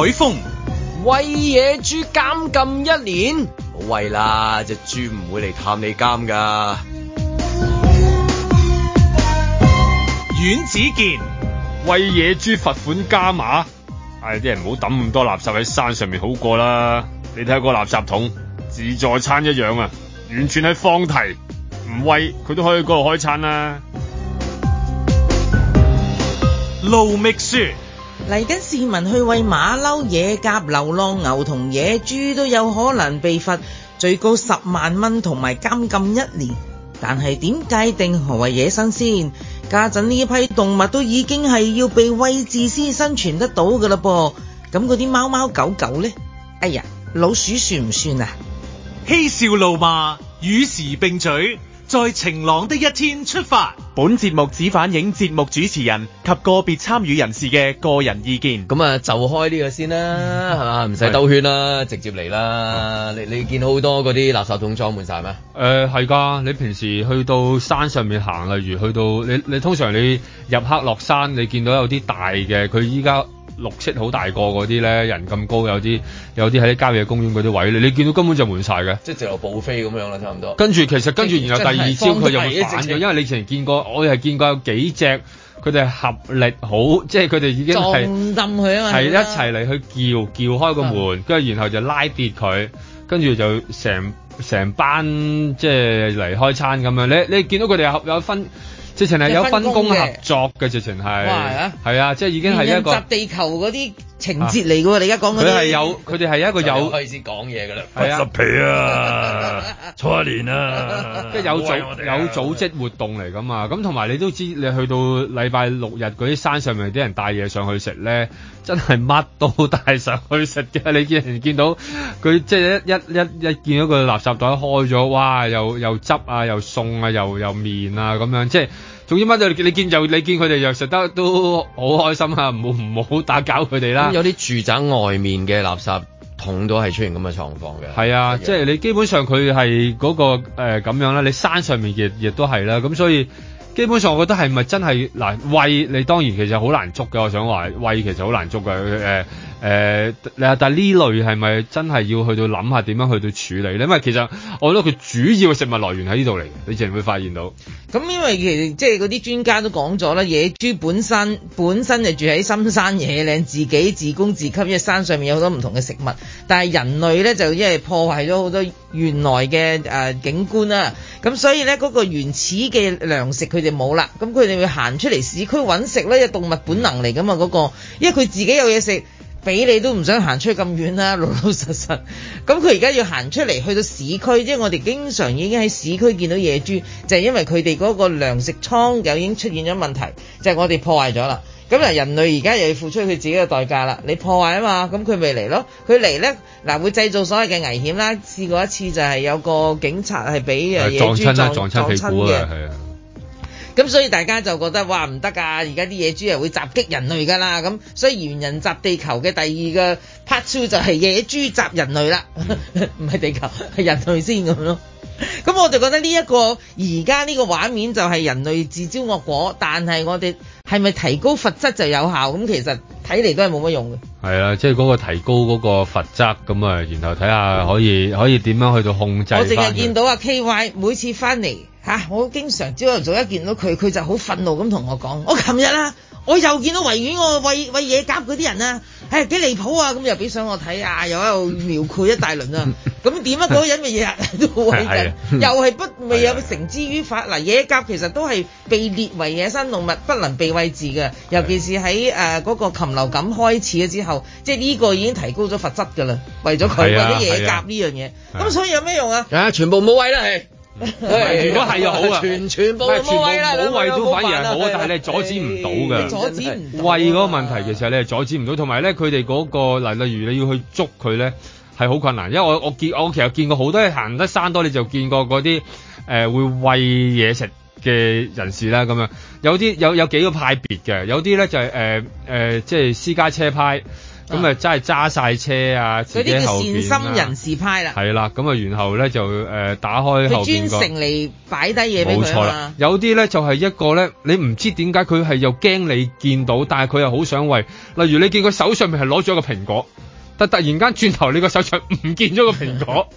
海風餵野豬監禁一年，冇餵啦，隻豬唔會嚟探你監噶。阮子健餵野豬罰款加碼，唉、哎，啲人唔好抌咁多垃圾喺山上面好過啦。你睇下個垃圾桶，自助餐一樣啊，完全係放題，唔餵佢都可以嗰度開餐啦、啊。盧覓書。嚟緊市民去餵馬騮、野鴿、流浪牛同野豬都有可能被罰最高十萬蚊同埋監禁一年，但係點界定何謂野生先？家陣呢一批動物都已經係要被喂至先生存得到噶啦噃，咁嗰啲貓貓狗狗呢？哎呀，老鼠算唔算啊？嬉笑怒罵與時並舉。在晴朗的一天出發。本節目只反映節目主持人及個別參與人士嘅個人意見，嗯。咁啊，就開呢個先啦，係咪，唔使兜圈啦，直接嚟啦。你你見到好多嗰啲垃圾桶裝滿晒咩？誒係㗎，你平時去到山上面行，例如去到你你通常你入黑落山，你見到有啲大嘅，佢依家，綠色好大個嗰啲咧，人咁高，有啲有啲喺啲郊野公園嗰啲位咧，你見到根本就滿晒嘅，即係直頭暴飛咁樣啦，差唔多。跟住其實跟住即然後第二朝，佢就會反咗，是因為你之前見過，我係見過有幾隻佢哋合力好，即係佢哋已經撞冧佢啊嘛，係一齊嚟去撬，撬開個門，跟住、嗯、然後就拉跌佢，跟住就成成班即係嚟開餐咁樣。你你，你見到佢哋有有分？直情係有分工合作嘅，直情係係啊，係啊，即係已經係一個集地球嗰啲。情節嚟嘅喎，你而家講嗰啲。佢係有，佢哋係一個有開始講嘢嘅啦。八、啊、 十皮啊，初一年啊， 即係有組、啊、有組織活動嚟㗎嘛。咁同埋你都知，你去到禮拜六日嗰啲山上面啲人帶嘢上去食咧，真係乜都帶上去食嘅。你見人見到佢即係一一一一見到個垃圾袋開咗，哇！又又汁啊，又餸啊，又又麵啊，咁、啊、樣即係。總之，乜都你你見又你見佢哋又食得都好開心啊！唔好唔好打攪佢哋啦。嗯、有啲住宅外面嘅垃圾桶都係出現咁嘅狀況嘅。係啊，天即係你基本上佢係嗰個誒咁、呃、樣啦，你山上面亦亦都係啦。咁所以基本上我覺得係咪真係嗱喂你當然其實好難捉㗎，我想話喂其實好難捉㗎誒。呃誒，你啊、呃，但係呢類係咪真係要去到諗下點樣去到處理咧？因為其實我覺得佢主要嘅食物來源喺呢度嚟嘅，你自然會發現到。咁因為其實即係嗰啲專家都講咗啦，野豬本身本身就住喺深山野嶺，自己自供自給，因為山上面有好多唔同嘅食物。但係人類咧就因為破壞咗好多原來嘅誒、呃、景觀啦、啊，咁所以咧嗰、嗰個原始嘅糧食佢哋冇啦。咁佢哋會行出嚟市區揾食咧，有、嗰個、動物本能嚟㗎嘛嗰個，因為佢自己有嘢食。俾你都唔想行出去咁遠啦、啊，老老實實。咁佢而家要行出嚟去到市區，即係我哋經常已經喺市區見到野豬，就係、是、因為佢哋嗰個糧食倉又已經出現咗問題，就係、是、我哋破壞咗啦。咁嗱，人類而家又要付出佢自己嘅代價啦。你破壞啊嘛，咁佢咪嚟咯？佢嚟呢，嗱會製造所謂嘅危險啦。試過一次就係有個警察係俾野豬撞撞親嘅，係啊。咁所以大家就覺得哇，唔得㗎，而家啲野豬係會襲擊人類㗎啦。咁所以猿人襲地球嘅第二個 part two 就係野豬襲人類啦，唔係、嗯、 地球係人類先咁咯。咁 我就覺得呢、這、一個而家呢個畫面就係人類自招惡果，但係我哋係咪提高罰則就有效？咁其實睇嚟都係冇乜用嘅。係啊，即係嗰個提高嗰個罰則，咁啊，然後睇下可以可以點樣去到控制翻。我淨係見到啊 KY 每次翻嚟。嚇、啊！我經常朝頭早一見到佢，佢就好憤怒咁同我講：我琴日啦，我又見到維園我、啊、喂喂野鴿嗰啲人啊，唉、哎、幾離譜啊！咁又俾上我睇啊，又喺度描繪一大輪啊。咁點 啊？嗰人嘅嘢日都喂緊，又係不未有成之於法。嗱， 野鴿其實都係被列為野生動物不能被餵食嘅， 尤其是喺誒嗰個禽流感開始咗之後，即係呢個已經提高咗罰則㗎啦。為咗佢， 為咗野鴿呢樣嘢，咁所以有咩用啊？全部冇位啦，係。 啊如果係又好啊，係 全，全部都冇餵啦，你餵？都反而係好。 但係你、， 哎、你阻止唔到㗎，是阻止唔到餵嗰個問題。其實你係阻止唔到，同埋咧佢哋嗰個，例如你要去捉佢咧係好困難，因為我我見我其實見過好多人行得山多，你就見過嗰啲誒會餵嘢食嘅人士啦。咁樣有啲有有幾個派別嘅，有啲咧就係誒誒，即係私家車派。咁啊，真係揸晒車啊！嗰啲、啊、善心人士派啦、啊。係啦，咁啊，然後咧就誒打開後邊、嗰個。專誠嚟擺低嘢俾佢。冇錯啦，有啲咧就係一個咧，你唔知點解佢係又驚你見到，但係佢又好想餵。例如你見佢手上面係攞咗一個蘋果，但突然間轉頭你個手上唔見咗個蘋果，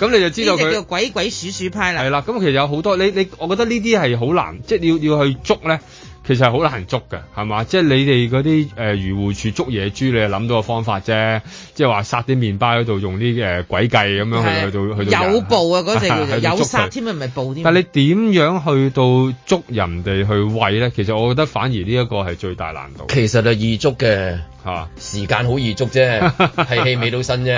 咁 你就知道佢。呢隻叫鬼鬼祟祟派啦、啊。係啦，咁其實有好多你你，你我覺得呢啲係好難，即、就、係、是、要要去捉咧。其實好難捉㗎，係嘛？即係你哋嗰啲誒漁護署捉野豬，你係諗到個方法啫，即係話殺啲麵包嗰度，用啲誒、呃、鬼計咁樣去去到去到。去到有捕啊，嗰隻有殺添啊，咪捕添。 但係你點樣去到捉人哋去餵咧？其實我覺得反而呢一個係最大難度。其實就易捉嘅。嚇，時間好易捉啫，係戲尾到身啫，係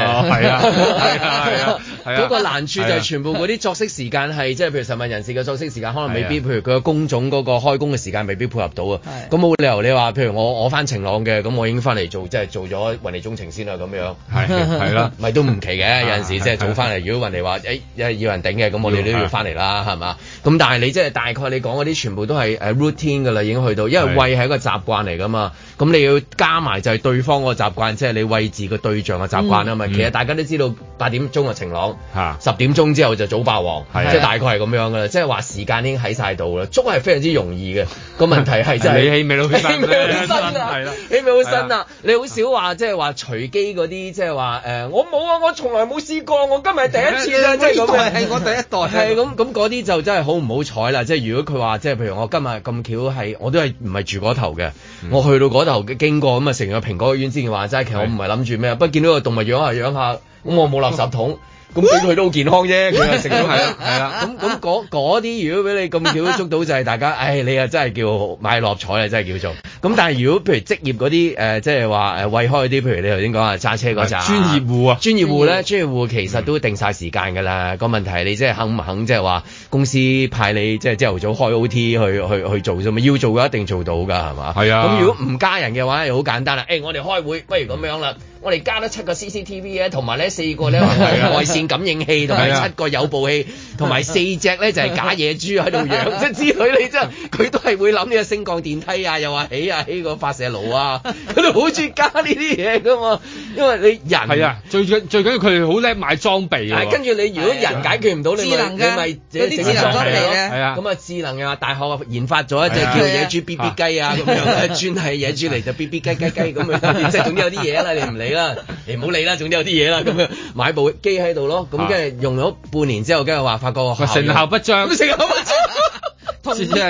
啊係啊係啊，嗰個難處就係全部嗰啲作息時間係即係譬如實物人士嘅作息時間，可能未必，譬如佢嘅工種嗰個開工嘅時間未必配合到啊。咁冇理由你話譬如我我翻晴朗嘅，咁我已經翻嚟做即係做咗雲泥中情先啦咁樣，係係啦，咪都唔奇嘅。有陣時即係早翻嚟，如果雲泥話誒要人頂嘅，咁我哋都要翻嚟啦，係嘛？咁但係你即係大概你講嗰啲全部都係 routine 㗎啦，已經去到，因為喂係一個習慣嚟㗎嘛。咁你要加埋就。係對方個習慣，即係你位置個對象嘅習慣啊嘛。其實大家都知道，八點鐘係晴朗，十點鐘之後就早霸王，即係大概係咁樣㗎啦。即係話時間已經喺晒度啦。捉係非常之容易嘅，個問題係真係你係咪老身？係啦，你咪好新啊！你好少話，即係話隨機嗰啲，即係話誒，我冇啊，我從來冇試過，我今日係第一次啦，即係咁樣。係我第一代，係咁咁嗰啲就真係好唔好彩啦。即係如果佢話，即係譬如我今日咁巧係，我都係唔係住嗰頭嘅，我去到嗰頭經過咁啊，成日。蘋果園之前話齋，其實我唔係諗住咩，啊的？不過見到個動物養下養下，咁我冇垃圾桶。 咁佢都好健康啫，佢食咗係啦，係啦。咁咁嗰啲如果俾你咁巧捉到就係、是、大家，唉、哎，你又真係叫買六合彩啊，真係叫做。咁但係如果譬如職業嗰啲誒，即係話誒胃開啲，譬如你頭先講啊揸車嗰扎專業戶啊，專業戶咧專業戶其實都定晒時間㗎啦。個、嗯、問題係你即係肯唔肯，即係話公司派你即係朝頭早開 OT 去去去，去做啫嘛，要做嘅一定做到㗎係嘛？係啊。咁、嗯、如果唔加人嘅話又好簡單啦，誒、哎、我哋開會不如咁樣啦。嗯我哋加咗七個 CCTV 啊，同埋呢四個咧外線感應器，同埋七個有部器，同埋四隻咧就係假野豬喺度養，即係知佢你真，佢都係會諗呢個升降電梯啊，又話起啊起個發射爐啊，佢都好鍾意加呢啲嘢㗎嘛，因為你人係啊，最緊最緊要佢好叻買裝備啊。跟住你如果人解決唔到，你智能㗎，有啲智能裝備啊。係啊，咁啊智能又話大學研發咗一隻叫野豬 BB 雞啊咁樣，專係野豬嚟就 BB 雞雞雞咁啊，即係總之有啲嘢啦，你唔理，啦，誒唔好理啦，總之有啲嘢啦，咁樣買部機喺度咯，咁跟住用咗半年之後，跟住話發覺成效不彰， 成效不彰， 同，同熱鼠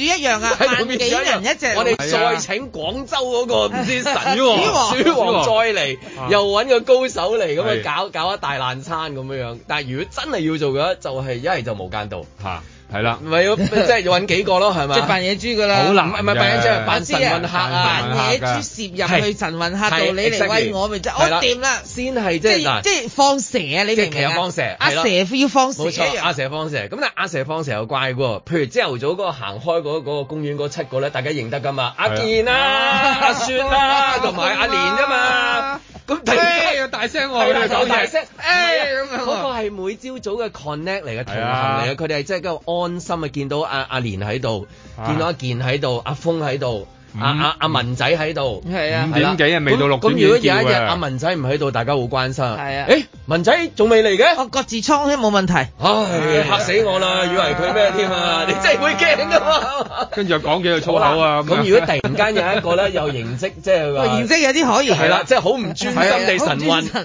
一樣啊， 萬幾人一隻， 我哋再請廣州嗰、那個唔 知神王， 王再嚟， 又揾個高手嚟咁樣搞搞一大爛餐咁樣樣，但係如果真係要做嘅，就係、是、一係就無間道嚇。 係啦，咪要即係揾幾個咯，係嘛？扮野豬㗎啦，唔係唔係扮野豬，扮先啊！扮野豬攝入去神運客度，你嚟威我咪就我掂啦！先係即係即係放蛇，你明啊？即係其實放蛇，阿蛇要放蛇冇錯，一樣，阿蛇放蛇。咁但係阿蛇放蛇又怪喎，譬如朝頭早嗰個行開嗰嗰個公園嗰七個咧，大家認得㗎嘛？阿健啦，阿孫啦，同埋阿蓮啫嘛。咁突然間又大聲喎、啊，大聲，誒咁、哎、呀樣、啊。嗰個係每朝早嘅 connect 嚟嘅羣，嚟嘅。佢哋係真係夠安心啊！見到阿阿蓮喺度，啊啊、見到阿、啊、健喺度，阿峯喺度。阿阿阿文仔喺度，係啊，五點幾啊，未到六點幾喎。咁如果有一日阿文仔唔喺度，大家好關心。係啊，誒，文仔仲未嚟嘅。我各自倉先冇問題。唉，嚇死我啦！以為佢咩添啊？你真係會驚㗎嘛？跟住又講幾句粗口啊！咁如果突然間有一個咧又形跡，即係話形跡有啲可疑。係啦，即係好唔專心你神鬱。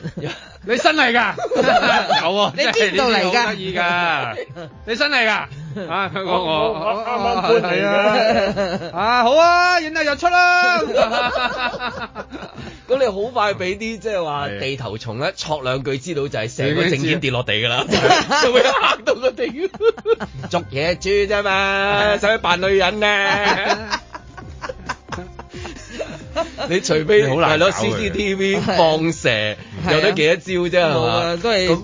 你新嚟㗎？有喎！你邊度嚟㗎？得意㗎！你新嚟㗎？啊！香港我啱啱搬嚟嘅，啊好啊，影下日出啦。咁你好快俾啲即係話地頭蟲咧，戳兩句知道就係成個證件跌落地㗎啦，仲會嚇到個地主捉野豬啫嘛，使乜扮女人咧？你除非係咯，CCTV 放蛇有得幾多招啫？冇都係。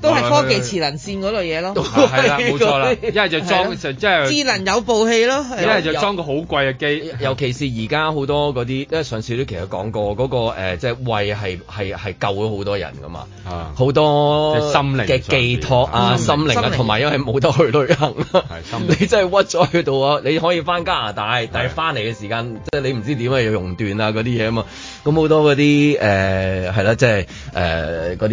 都係科技智能線嗰類嘢咯，係啦、 啊，冇錯啦，一係就裝即係智能有部器咯，一係就裝個好貴嘅機，尤其是而家好多嗰啲，因為上次都其實講過嗰、那個即係、呃就是、胃係係係救咗好多人噶嘛，好多嘅心靈嘅寄託啊、心靈啊，同埋、啊、因為冇得去旅行，靈 你真係屈咗喺度啊！你可以翻加拿大，但係翻嚟嘅時間的即係你唔知點啊，要熔斷啊嗰啲嘢啊嘛，咁好多嗰啲誒係啦，即、呃、係誒嗰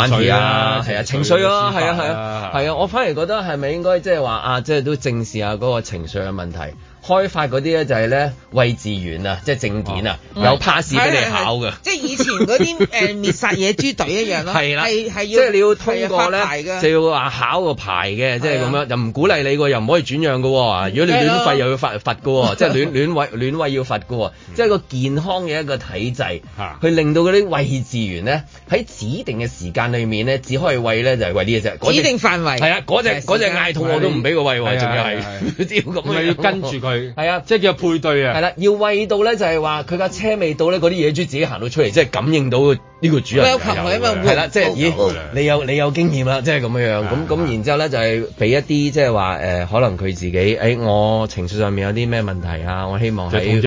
啲 u 啊。係啊，啊，情緒咯，係啊，係啊，係啊，啊，啊，啊，我反而覺得係咪應該即係話啊，即係都正視下嗰個情緒嘅問題。開發嗰啲咧就係咧，餵飼員啊，即係證件啊，有 pass 俾你考嘅，即係以前嗰啲誒滅殺野豬隊一樣咯，係啦，係係要，即係你要通過咧，就要話考個牌嘅，即係咁樣，又唔鼓勵你喎，又唔可以轉讓嘅喎，如果你亂餵又要罰罰嘅喎，即係亂亂餵亂餵要罰嘅喎，即係個健康嘅一個體制，嚇，去令到嗰啲餵飼員咧喺指定嘅時間裏面咧，只可以餵咧就係餵啲嘢啫，指定範圍，係啊，嗰隻隻嗌痛我都唔俾佢餵餵，仲要係咁啊，要跟住佢。係啊，即係叫配對啊，係啦，要餵到咧就係話佢架車未到咧，嗰啲野豬自己行到出嚟，即係感應到呢個主人。我啦，即係咦，你有你有經驗啦，即係咁樣樣。咁咁然之後咧就係俾一啲即係話誒，可能佢自己誒，我情緒上面有啲咩問題啊，我希望喺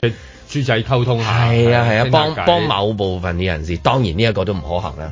豬仔溝通下，係啊係啊，幫幫某部分嘅人士，當然呢一個都唔可行啦。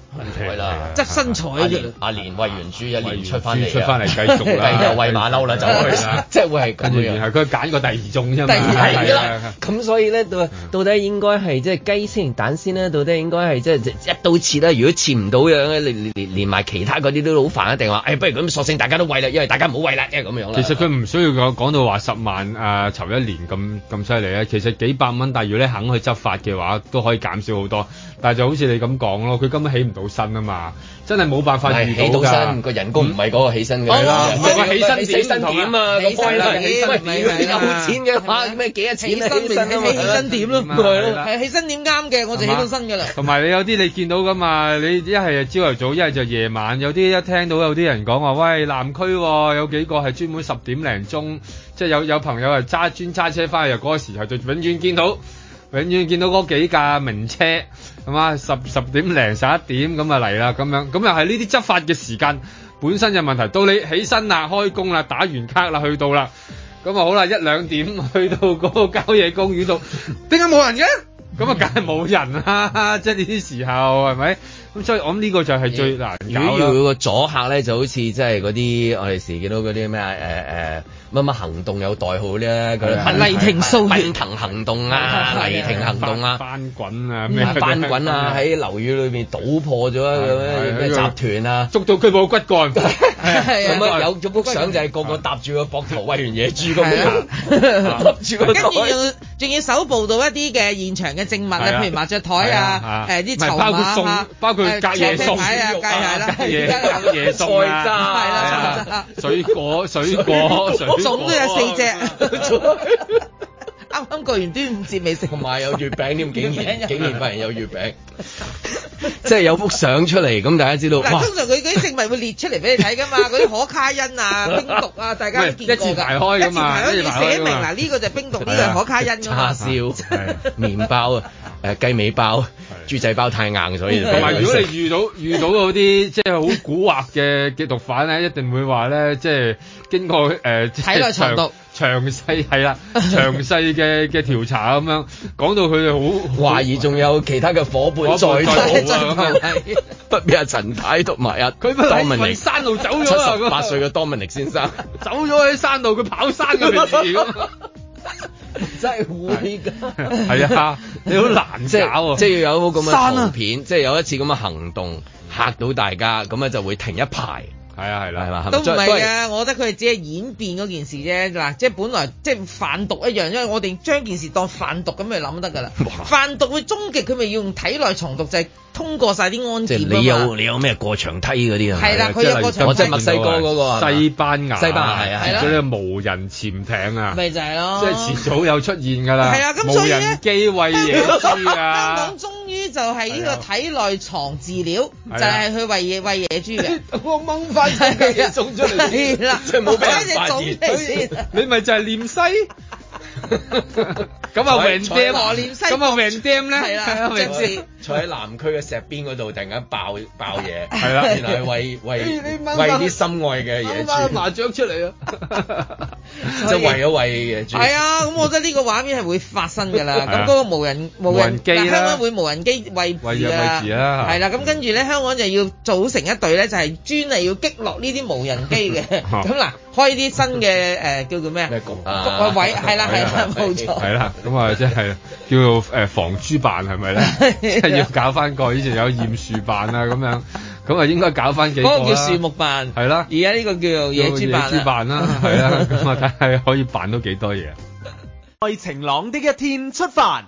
問題啦，即身材阿連喂完豬，一年出翻嚟啊，出翻嚟繼續啦，又喂馬騮啦，就係啦，即係會係。然後佢揀個第二種啫嘛。第二啦，咁所以咧，到到底應該係即係雞先蛋先咧？到底應該係即係一刀切咧？如果切唔到樣咧，你連埋其他嗰啲都好煩一定話誒，不如咁索性大家都喂啦，因為大家唔好喂啦，即係咁樣啦。其實佢唔需要講講到話十萬誒籌一年咁咁犀利啊！其實幾百蚊，但係如果你肯去執法嘅話，都可以減少好多。但係就好似你咁講咯，佢根本起唔到身啊嘛，真係冇辦法遇到㗎。起到身，個人工唔係嗰個起身嘅。哦，唔係啊，起身點？起身點啊？咁貴啦，起身點？有錢嘅，咩幾多錢？起身咪起起身點咯，係咯，係起身點啱嘅，我就起到身嘅啦。同埋你有啲你見到㗎嘛？你一係朝頭早，一係就夜晚，有啲一聽到有啲人講話，喂，南區有幾個係專門十點零鐘，即係有有朋友係揸專揸車翻去入嗰個時候，就永遠見到。永遠見到嗰幾架名車，係嘛？十十點零、十一點咁啊，嚟啦，咁樣咁又係呢啲執法嘅時間本身有問題。到你起身啦、開工啦、打完卡啦、去到啦，咁啊好啦，一兩點去到嗰個郊野公園度，點解冇人嘅？咁啊梗係冇人啦，即係呢啲時候係咪？咁所以我諗呢個就係最難搞啦。如果要個阻嚇咧，就好似即係嗰啲我哋時見到嗰啲咩誒誒乜乜行動有代號咧，佢雷霆掃毒、雷霆行動啊、雷霆行動啊、翻滾啊、翻滾啊，喺樓宇裏面倒破咗啊，咁咩集團啊，捉到佢冇骨幹。係啊，有有張相就係個個搭住個膊頭喂完野豬咁樣，笠住個頭。跟住仲要搜捕到一啲嘅現場嘅證物咧，譬如麻雀台啊，誒啲籌碼啊，包括。隔夜餸啊，隔夜啦，隔夜菜渣係啦，水果、水果、水果總都有四隻。啱啱過完端午節未食，同埋有月餅添，竟然竟然發現有月餅，即係有幅相出嚟咁，大家知道。但通常佢啲食物會列出嚟俾你睇㗎嘛，嗰啲可卡因啊、冰毒啊，大家見過一次大開㗎嘛？一次大開，寫明嗱呢個就係冰毒，呢個就係可卡因。叉燒、麵包啊，誒雞尾包。豬仔包太硬，所以同埋如果你遇到遇到嗰啲即係好蠱惑嘅嘅毒販咧，一定會話咧，即係經過誒睇啦詳詳細係啦，詳細嘅嘅調查咁樣，講到佢哋好懷疑，仲有其他嘅伙伴再內。不俾阿陳太毒埋啊！佢不能係山路走咗七十八歲嘅 Dominic 先生走咗喺山路，佢跑山嗰 真係的會噶，係啊，你好難搞喎，即係要有嗰咁嘅圖片，即係有一次咁嘅行動吓到大家，咁啊就會停一排。係啊，係啦，係啦，都唔係啊！我覺得佢哋只係演變嗰件事啫，嗱，即係本來即係販毒一樣，因為我哋將件事當販毒咁嚟諗得㗎啦。販毒嘅終極，佢咪要用體內藏毒，就係通過晒啲安全，你有你有咩過牆梯嗰啲啊？係啦，佢有過牆梯，我真墨西哥嗰個西班牙，西班牙係啦，嗰啲無人潛艇啊，咪就係咯，即係遲早有出現㗎啦。係啊，咁所以最機為嘢知啦。就係呢個體內藏飼料，就係去餵野餵野豬嘅，我掹翻佢啲種出嚟。係啦，等你種先，你咪就係念西，咁啊王鼎，咁啊王鼎咧，係啦，正是。坐喺南區嘅石邊嗰度，突然間爆爆嘢，係啦，然後去餵餵餵啲心愛嘅嘢豬麻將出嚟啊！就為咗啊餵誒豬。係啊，咁我覺得呢個畫面係會發生㗎啦。咁嗰個無人無人機啦，香港會無人機餵豬啊。係啦，咁跟住咧，香港就要組成一隊咧，就係專係要擊落呢啲無人機嘅。咁嗱，開啲新嘅誒叫做咩啊？局啊位，係啦，係啦，冇錯。係啦，咁啊即係叫做誒防豬辦係咪咧？ 要搞翻個，以前有驗樹辦啊咁樣，咁啊應該搞翻幾個啦。嗰個叫樹木辦，係啦了。而家呢個叫做野豬辦啦。野豬辦啦，係啦。 咁我睇下可以辦到幾多嘢？ 為晴朗的一天出發，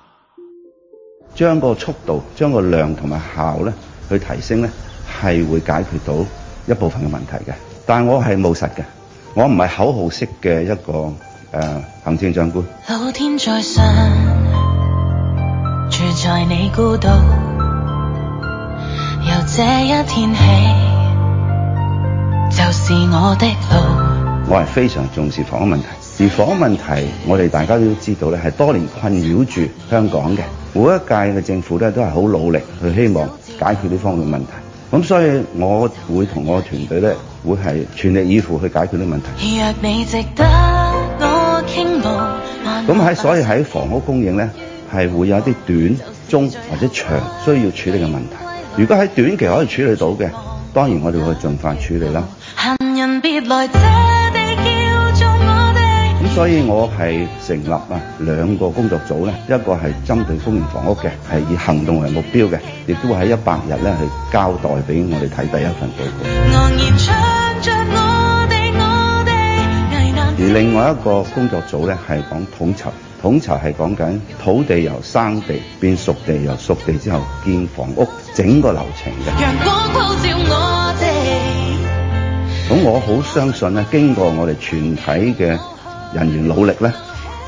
將個速度、將個量同埋效咧去提升咧，係會解決到一部分嘅問題嘅。但我係務實嘅，我唔係口號式嘅一個誒行政長官。老、呃、天、天在上。住在你孤獨，由這一天起，就是我嘅路。我係非常重視房屋問題，而房屋問題我哋大家都知道咧，係多年困擾住香港嘅。每一屆嘅政府咧都係好努力去希望解決呢方面問題。咁所以，我會同我嘅團隊咧會係全力以赴去解決呢問題。如若未值得我傾慕，咁喺所以喺房屋供應咧。係會有一啲短、中或者長需要處理嘅問題。如果喺短期可以處理到嘅，當然我哋會盡快處理啦。 所以，我係成立啊兩個工作組咧，一個係針對公營房屋嘅，係以行動為目標嘅，亦都喺一百日呢去交代俾我哋睇第一份報告。 而另外一個工作組咧，係講統籌，統籌係講緊土地，由生地變熟地，由熟地之後建房屋整個流程嘅。陽光普照我哋，咁我好相信咧，經過我哋全體嘅人員努力咧，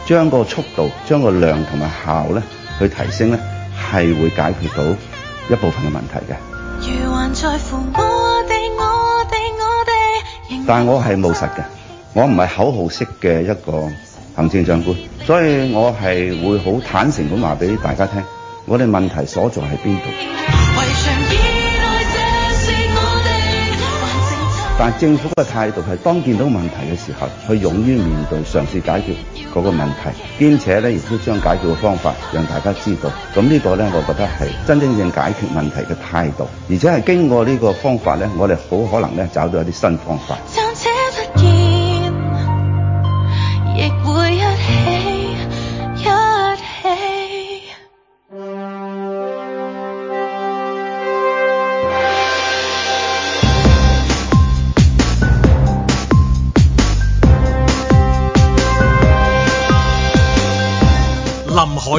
將個速度、將個量同埋效咧去提升咧，係會解決到一部分嘅問題嘅。如還在乎我哋我哋我哋，我我但我係務實嘅。我唔係口號式嘅一個行政長官，所以我係會好坦誠咁話俾大家聽，我哋問題所在喺邊度？但政府嘅態度係，當見到問題嘅時候，去勇於面對，嘗試解決嗰個問題，兼且咧亦都將解決嘅方法讓大家知道。咁呢個呢，我覺得係真真正正解決問題嘅態度，而且係經過呢個方法呢，我哋好可能咧找到一啲新方法。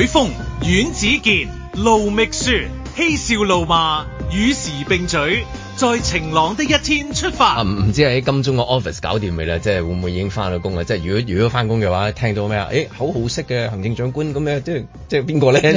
風阮子健盧覓雪嬉笑怒罵與時並舉。在晴朗的一天出發。唔知喺金鐘個 office 搞掂未咧？即係會唔會已經翻咗工啦？即係如果如果翻工嘅話，聽到咩啊？誒，口號式嘅行政長官咁樣，即係即係邊個咧？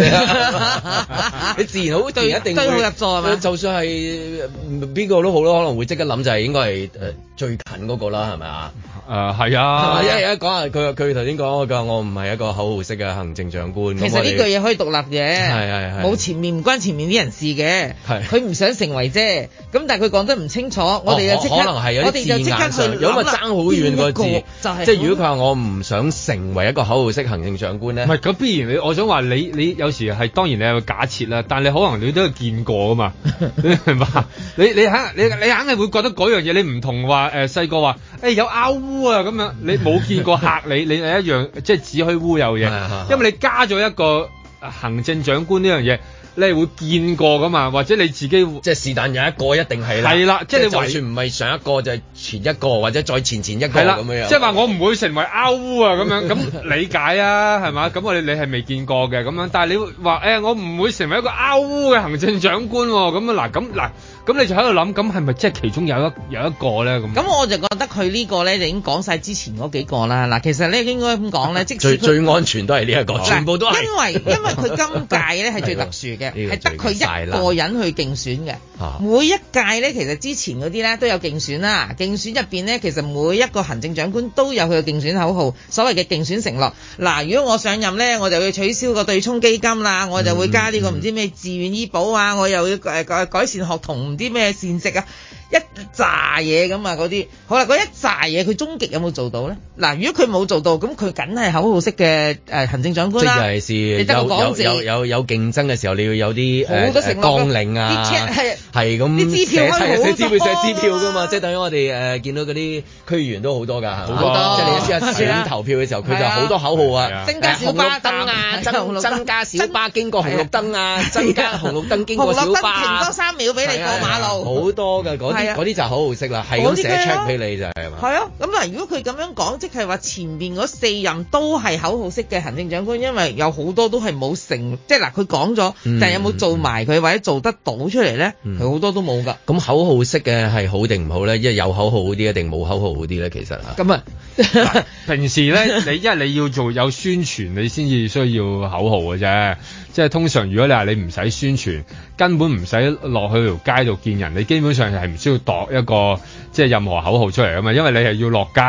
你自然好對，一定對我入座係咪？就算係邊個都好咯，可能會即刻諗就係應該係誒最近嗰個啦，係咪啊？誒係啊！一講下佢佢頭先講，佢話我唔係一個口號式嘅行政長官。其實呢句嘢可以獨立嘅，係係係，冇前面唔關前面啲人事嘅，係佢唔想成為啫，咁。但係佢講得唔清楚，哦、我哋就即刻，我哋就即刻去，因為爭好遠個字即係是能如果佢話我唔想成為一個口號式行政長官咧，唔係咁必然。你我想話你，你有時係當然你係假設啦，但係你可能你都係見過噶嘛，明 你你肯你你肯定會覺得嗰樣嘢你唔同話誒細個話誒有拗烏啊咁樣，你冇見過嚇 你，你係一樣即係子虛烏有嘢， 因為你加咗一個行政長官呢樣嘢。你會見過㗎嘛？或者你自己即係是但有一個一定係啦。係啦，即係你完全唔係上一個，就係、是、前一個，或者再前前一個咁的樣的即係話我唔會成為歐啊咁 樣，咁理解啊，係嘛？咁我哋你係未見過嘅咁樣，但係你話誒、欸，我唔會成為一個歐嘅行政長官喎、啊，咁啊嗱，咁嗱。咁你就喺度諗，咁係咪即係其中有一有一個咧？咁咁我就覺得佢呢個咧，你已經講晒之前嗰幾個啦。嗱，其實咧應該咁講咧，即最 最安全都係呢一個， 全部都係，因為因為佢今屆咧係最特殊嘅，係得佢一個人去競選嘅。 每一屆咧，其實之前嗰啲咧都有競選啦。競選入邊咧，其實每一個行政長官都有佢嘅競選口號，所謂嘅競選承諾。嗱，如果我上任咧，我就要取消個對沖基金啦，我就會加呢個唔知咩自願醫保啊，我又會改改善學童。唔知咩膳食啊，一紮嘢咁啊嗰啲，好啦，嗰一紮嘢佢終極有冇做到咧？嗱，如果佢冇做到，咁佢梗係口號式嘅誒行政長官啦。即係有有有有競爭嘅時候，你要有啲誒。好多成個。係係咁。啲支票可以寫支票㗎嘛？即係等於我哋誒見到嗰啲區議員都好多㗎，係咪？好多。即係你試下選投票嘅時候，佢就好多口號啊，增加小巴燈啊，增增加小巴經過紅綠燈啊，增加紅綠燈經過小巴啊，紅綠燈停多三秒俾你過。馬路好多嘅嗰啲嗰啲就口號式啦，係咁寫 check 俾你就係嘛？係啊，咁嗱，如果佢咁樣講，即係話前邊嗰四任都係口號式嘅行政長官，因為有好多都係冇成，即係嗱，佢講咗，但係有冇做埋佢、嗯、或者做得到出嚟咧？佢好、嗯、多都冇㗎。咁、嗯、口號式嘅係好定唔好咧？一有口號好啲，定冇口號好啲咧？其實啊，咁啊，平時咧，你因為你要做有宣傳，你先至需要口號嘅啫。即係通常，如果你話你唔使宣傳，根本唔使落去條街度見人，你基本上係唔需要度一個即係任何口號出嚟噶嘛。因為你係要落街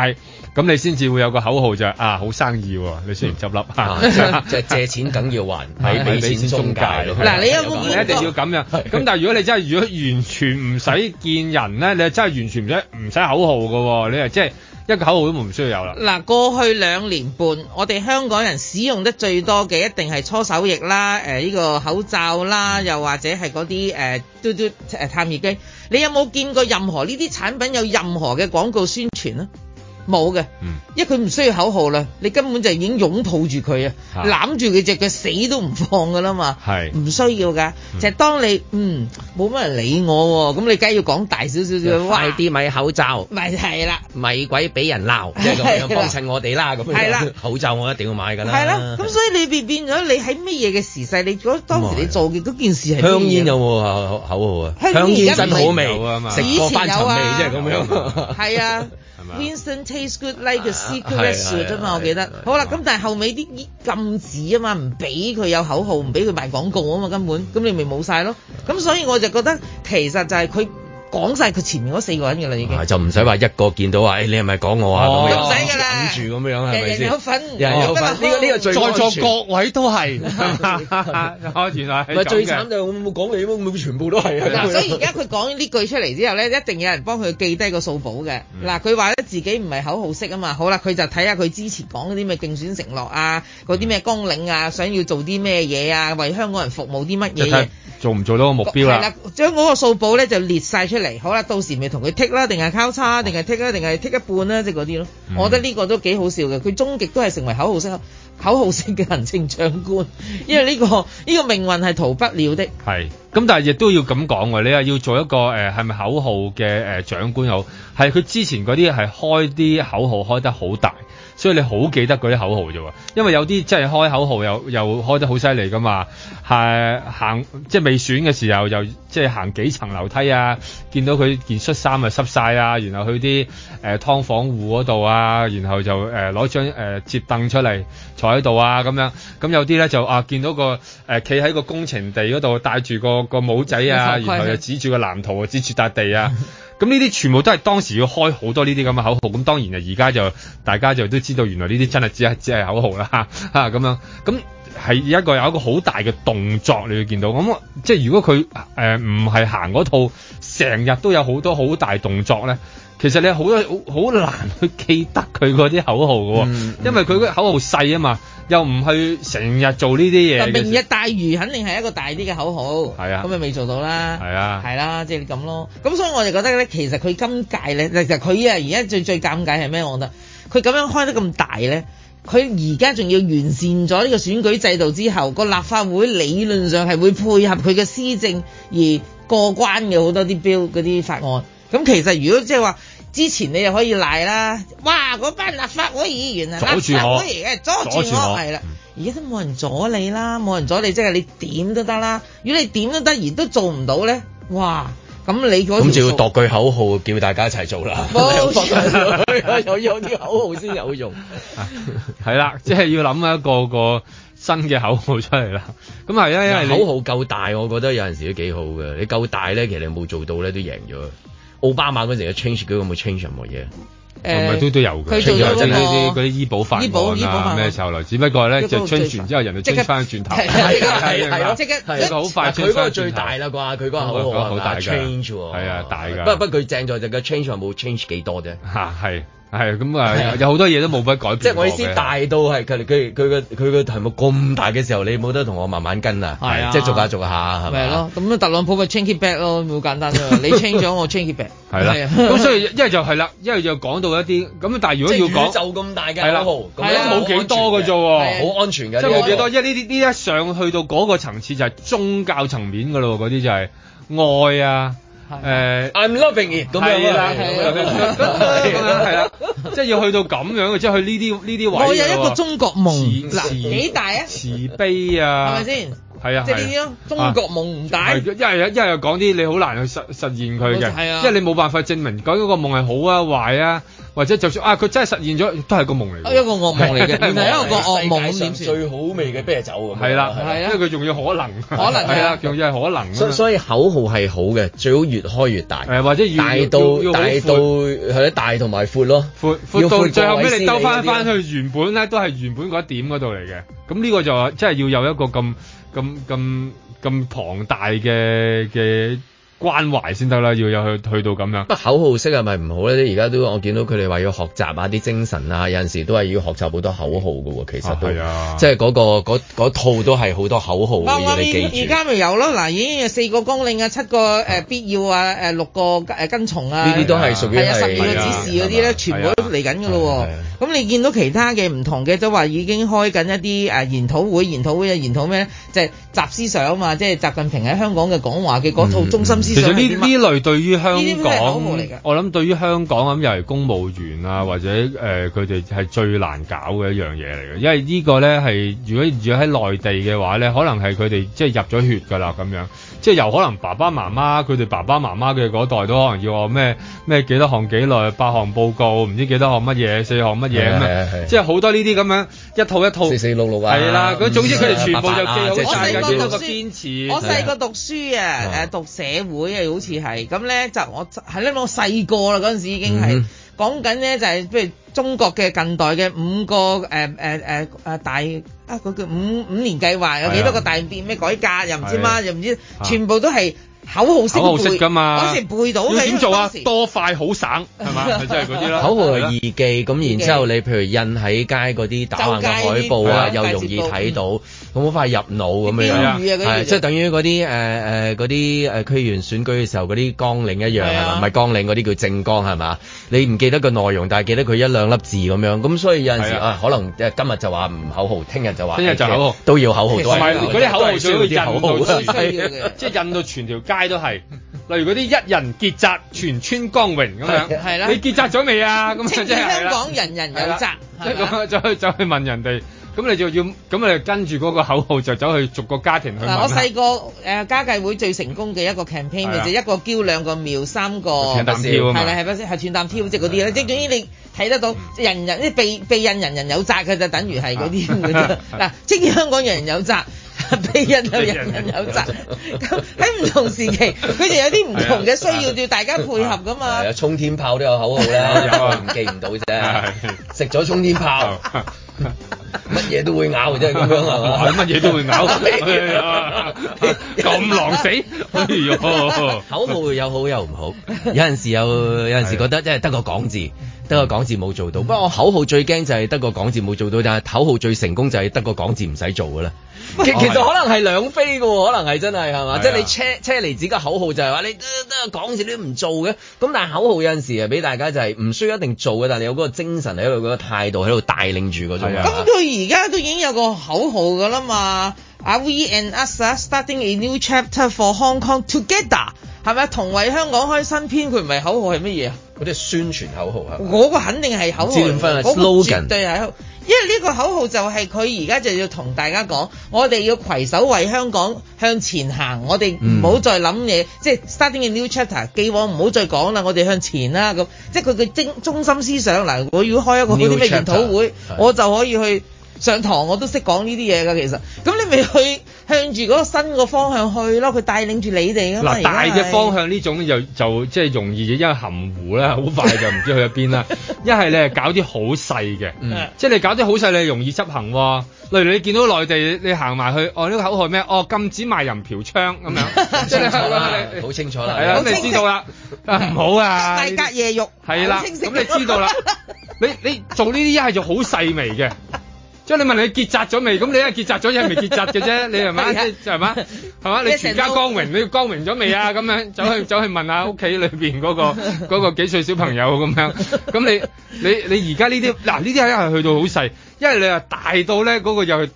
咁，你先至會有個口號就係、是、啊好生意喎、哦，你雖然執笠借錢梗要還，你俾錢中介嗱， 你一定要咁樣咁，但係如果你真係如果完全唔使見人咧，你真係完全唔使唔使口號嘅、哦，你係即係。一個口號都唔需要有啦。嗱，過去兩年半，我哋香港人使用得最多嘅一定係搓手液啦，誒、呃、呢、這個口罩啦，又或者係嗰啲誒嘟嘟誒探熱機。你有冇見過任何呢啲產品有任何嘅廣告宣傳啊？冇嘅，因為佢唔需要口號啦，你根本就已經擁抱住佢啊，攬住佢隻腳死都唔放㗎啦嘛，唔需要㗎，就係當你嗯冇乜人理我喎，咁你梗係要講大少少少，快啲買口罩，咪係啦，咪鬼俾人鬧，即係咁樣幫襯我哋啦，咁樣口罩我一定要買㗎啦，係啦，咁所以你變變咗你喺乜嘢嘅時勢，你嗰當時你做嘅嗰件事係香煙有冇？口號啊，香煙真好味，食過翻尋味即係咁樣，係啊。Winston tastes good like a secret should 啊嘛，我記得。啊、好啦，咁但係後尾啲禁止啊嘛，唔俾佢有口號，唔俾佢賣廣告啊嘛，根本，咁你咪冇晒咯。咁所以我就覺得其實就係佢。講晒佢前面嗰四個人嘅啦，已經就唔使話一個見到話，你係咪講我啊咁樣掩住咁樣，係咪先？人人有份，人人有份。呢個呢個最在座各位都係。啊原來係咁嘅。唔係最慘就我冇講你，全部都係。所以而家佢講呢句出嚟之後咧，一定有人幫佢記低個數簿嘅。嗱，佢話咧自己唔係口號式啊嘛，好啦，佢就睇下佢之前講嗰啲咩競選承諾啊，嗰啲咩綱領啊，想要做啲咩嘢啊，為香港人服務啲乜嘢嘢。做唔做到個目標啦？係啦，將嗰個數簿咧就列晒出嚟，好啦，到時咪同佢剔啦，定係交叉，定係剔啦，定係剔一半啦，即係嗰啲咯。嗯、我覺得呢個都幾好笑嘅，佢終極都係成為口號式口號式嘅行政長官，因為呢個呢個命運係逃不了的。係，咁但係亦都要咁講喎，你係要做一個誒係咪口號嘅誒長官又好，係佢之前嗰啲係開啲口號開得好大。所以你好記得嗰啲口號啫喎，因為有啲真係開口號又又開得好犀利噶嘛，係行即係未選嘅時候，又即係行幾層樓梯啊，見到佢件恤衫啊濕晒啊，然後去啲誒劏房戶嗰度啊，然後就誒攞張誒摺凳出嚟坐喺度啊咁樣，咁有啲咧就啊見到個誒企喺個工程地嗰度帶住個個帽仔啊，收然後又指住個藍圖啊指住笪地啊。 咁呢啲全部都係當時要開好多呢啲咁嘅口號，咁當然啊而家就大家就都知道，原來呢啲真係只係只係口號啦嚇嚇咁樣，咁、嗯、係一個有一個好大嘅動作你會見到，咁、嗯、即係如果佢誒唔係行嗰套，成日都有好多好大動作咧。其實你好多好好難去記得佢嗰啲口號嘅喎，嗯嗯、因為佢個口號細啊嘛，又唔去成日做呢啲嘢。明日大嶼肯定係一個大啲嘅口號，係啊，咁咪未做到啦，係啊，係啦、啊，即係咁咯。咁所以我就覺得咧，其實佢今屆咧，其實佢啊而家最最尷尬係咩？我覺得佢咁樣開得咁大咧，佢而家仲要完善咗呢個選舉制度之後，個立法會理論上係會配合佢嘅施政而過關嘅好多啲標嗰啲法案。咁其實如果即係話之前你又可以賴啦，哇！嗰班立法會議員啊，立法會誒阻住我，係啦，而家都冇人阻你啦，冇人阻你即係、就是、你點都得啦。如果你點都得而都做唔到咧，哇！咁你咁就要度句口號叫大家一齊做啦沒。冇 有有啲 口號先有用 。係啦，即係要諗一個個，個新嘅口號出嚟啦。咁係啊，因為 口號夠大，我覺得有陣時都幾好嘅。你夠大咧，其實你冇做到咧都贏咗。 é. 奧巴馬嗰陣嘅 change 佢有冇 change 任何嘢？誒，都都有嘅，佢做咗啲啲嗰啲醫保法案啊，咩嘢嘅嘢。只不過咧，就 change 完之後，人哋轉翻轉頭。係係係咯，即刻即係好快。佢嗰個最大啦啩，佢嗰個好好大嘅。係啊，大㗎。不過不過，佢正在就個 change 有冇 change 幾多啫？嚇係。係，咁啊，有好多嘢都冇法改變。即係我意思，大到係佢佢佢個佢個題目咁大嘅時候，你冇得同我慢慢跟啊，即係逐下逐下係咪？咯，咁特朗普咪 change it back 咯，好簡單啫。你 change 咗，我 change it back。係啦。咁所以一係就係啦，一係就，就講到一啲咁。但係如果係要講，啊，就咁大嘅規模，咁樣都冇幾多嘅啫喎，好安全嘅。即係冇幾多，因為呢啲呢一上去到嗰個層次就係宗教層面嘅咯，嗰啲就係愛啊。誒 I'm loving it 咁樣啦，係啦，係啦，係啦，即係要去到咁樣嘅，即係去呢啲呢啲話，我有一個中國夢，嗱幾大啊？慈悲啊，係咪先？係啊，即係呢啲咯。中國夢唔大，一係一係講啲你好難去實實現佢嘅，因為你冇辦法證明講嗰個夢係好啊壞啊。或者就算啊，佢真係實現咗，都係個夢嚟。一個惡夢嚟嘅，原嚟一個個惡夢咁點最好味嘅啤酒咁。係啦，因為佢仲要可能。可能係啊，仲要係可能。所以口號係好嘅，最好越開越大。誒，或者要大到大到係咯，大同埋闊咯。闊闊要闊，最後俾你兜翻翻去原本咧，都係原本嗰一點嗰度嚟嘅。咁呢個就真係要有一個咁咁咁咁龐大嘅嘅。關懷先得啦，要有去去到咁樣。不口號式係咪唔好咧？而家都我見到佢哋話要學習下、啊、啲精神啊，有陣時都係要學習好多口號嘅喎。其實都、啊啊、即係嗰、那個嗰套都係好多口號，你記住而家咪有咯，嗱已經有四個公令啊，七個誒、呃、必要、呃呃、啊，誒六個誒跟從啊，呢啲都係屬於係啊，啊十二個指示嗰啲咧，吧全部都嚟緊㗎咯。咁、啊啊啊、你見到其他嘅唔同嘅就話已經開緊一啲誒研討會，研討會啊研討咩咧？就係、是、習思想啊嘛，即係習近平喺香港嘅講話嘅嗰套中心思思其實呢呢類對於香港，我諗對於香港咁又係公務員啊或者誒佢哋係最難搞嘅一樣嘢嚟嘅，因為呢個呢，係如果住喺內地嘅話呢可能係佢哋即係入咗血㗎啦咁樣。即係由可能爸爸媽媽佢哋爸爸媽媽嘅嗰代都可能要我咩咩幾多項幾耐八項報告唔知幾多項乜嘢四項乜嘢咁，即係好多呢啲咁樣一套一套四四六六啊，係啦。咁、嗯、總之佢哋全部就記好曬嘅。我細個就個堅持，我細個讀,讀書啊，誒、啊啊、讀社會啊，好似係咁咧就我係咧我細個啦嗰陣時,時已經係。講緊咧就係譬如中國嘅近代嘅五個誒誒誒誒大啊，嗰個五五年計劃有幾多個大變咩改革又唔知嗎？又唔知，又唔知，全部都係。啊口號識㗎嘛？好似背到你點做啊？多快好省係嘛？佢真係嗰啲咯。口號係易記，咁然之後你譬如印喺街嗰啲打橫嘅海報啊，又容易睇到，咁好快入腦咁樣啦。即係等於嗰啲誒誒啲誒區議員選舉嘅時候嗰啲綱領一樣係嘛？唔係綱領嗰啲叫正綱係嘛？你唔記得個內容，但係記得佢一兩粒字咁樣。咁所以有陣時可能今日就話唔口號，聽日就話，聽日就口號都要口號。都實係嗰啲口號主要印就係，即係印到全條。街都係，例如嗰啲一人結紮，全村光榮咁樣。係啦。你結紮咗未啊？咁即係香港人人有責。走去走去問人哋，咁你就要，咁你跟住嗰個口號就走去逐個家庭去。嗱，我細個誒家計會最成功嘅一個 campaign 就一個嬌兩個妙三個斷擔挑啊嘛。係啦係不，係斷擔挑即係嗰啲啦，即係總之你睇得到人人啲背背印，人人有責嘅就等於係嗰啲㗎啦。嗱，即係香港人人有責。俾人又人人有責，喺唔同時期，佢哋有啲唔同嘅需要，要大家配合噶嘛。有沖天炮都有口號啦，唔記唔到啫。食咗沖天炮，乜嘢都會咬啫，真係咁樣啊嘛！乜嘢都會咬死，咁狼死，哎呀！口號有好有唔好，有陣時有，有陣時覺得真係得個講字，得個講字冇做到。不過我口號最驚就係得個講字冇做到，但係口號最成功就係得個講字唔使做噶啦。其其實可能係兩飛噶，可能係真係，係嘛，是啊、即係你車車厘子嘅口號就係話你、呃呃、講，自己都都講住都唔做嘅，咁但係口號有陣時啊，俾大家就係唔需要一定做嘅，但係有嗰個精神喺度，嗰個態度喺度帶領住嗰種。咁佢而家都已經有個口號噶啦嘛、are、，We and us are starting a new chapter for Hong Kong together，係咪？同為香港開新篇，佢唔係口號係乜嘢啊？嗰啲宣傳口號啊！嗰個肯定係口，口號，嗰 log 個絕對係。因為呢個口號就係佢而家就要同大家講，我哋要攜手為香港向前行，我哋唔好再諗嘢，嗯、即係 starting a new chapter，既往唔好再講啦，我哋向前啦咁，即係佢嘅精中心思想嗱，我要開一個好啲咩研討會，New chapter，我就可以去。上堂我都識講呢啲嘢㗎，其實咁你咪去向住嗰個新個方向去咯，佢帶領住你哋㗎嗱，大嘅方向呢種就就即係容易，嘅，因為含糊咧，好快就唔知去咗邊啦。一係你係搞啲好細嘅，即係你搞啲好細，你容易執行喎。例如你見到內地你行埋去，哦，呢個口號咩？哦，禁止賣淫嫖娼咁樣，即係好清楚啦。好，咁你知道啦，唔好啊，大隔夜肉係啦。咁你知道啦，你你做呢啲一係就好細微嘅。即係你問你結紮咗未？咁 你係結紮咗，亦係未結紮嘅啫。你係咪？即係係嘛？係嘛？你全家光榮， 你光榮咗未啊？咁 樣走去走去問下屋企裏邊嗰，嗰個嗰 個幾歲小朋友咁樣。咁 你你你而家呢啲嗱，呢啲一係去到好細，一係你話大到咧嗰，嗰個又係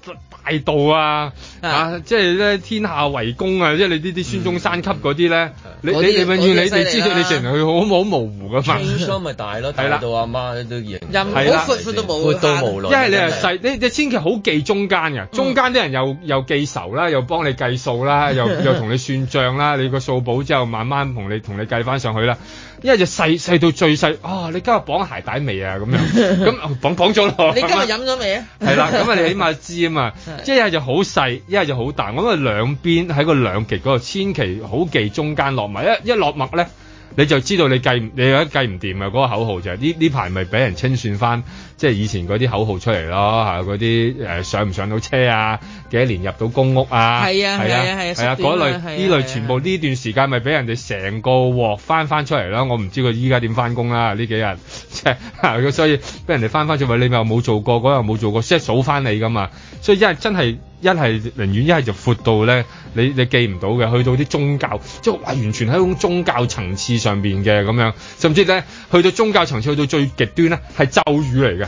大道啊！啊！即係咧天下為公啊！即係你呢啲孫中山級嗰啲咧，你你你問佢你哋知你成日去好好模糊噶嘛？孫中山咪大咯，大到阿媽都都認唔到闊闊都冇，闊到無。因為你係細，你你千祈好記中間啊，中間啲人又又記仇啦，又幫你計數啦，又又同你算帳啦，你個數簿之後慢慢同你同你計翻上去啦。一係就細細到最細啊！你今日綁鞋帶未啊？咁樣咁綁綁咗咯。你今日飲咗未啊？係啦，咁啊你起碼知啊嘛，即係一係就好細。一係就好大，我諗兩邊喺個兩極嗰度千祈好忌中間落墨。一一落墨咧，你就知道你計你計唔掂嘅嗰個口號就係呢呢排咪俾人清算翻，即係以前嗰啲口號出嚟咯吓，嗰啲誒上唔上到車啊，幾多年入到公屋啊，係啊係啊係啊，嗰類呢類全部呢段時間咪俾人哋成個鑊翻翻出嚟咯。我唔知佢依家點翻工啦？呢幾日即係所以俾人哋翻翻出嚟，你又冇做過，嗰又冇做過，即係數翻你噶嘛。所以一係真係。一係寧願一係就闊到咧，你你記唔到嘅，去到啲宗教，即係話完全喺嗰種宗教層次上邊嘅咁樣，甚至咧去到宗教層次去到最極端咧係咒語嚟嘅，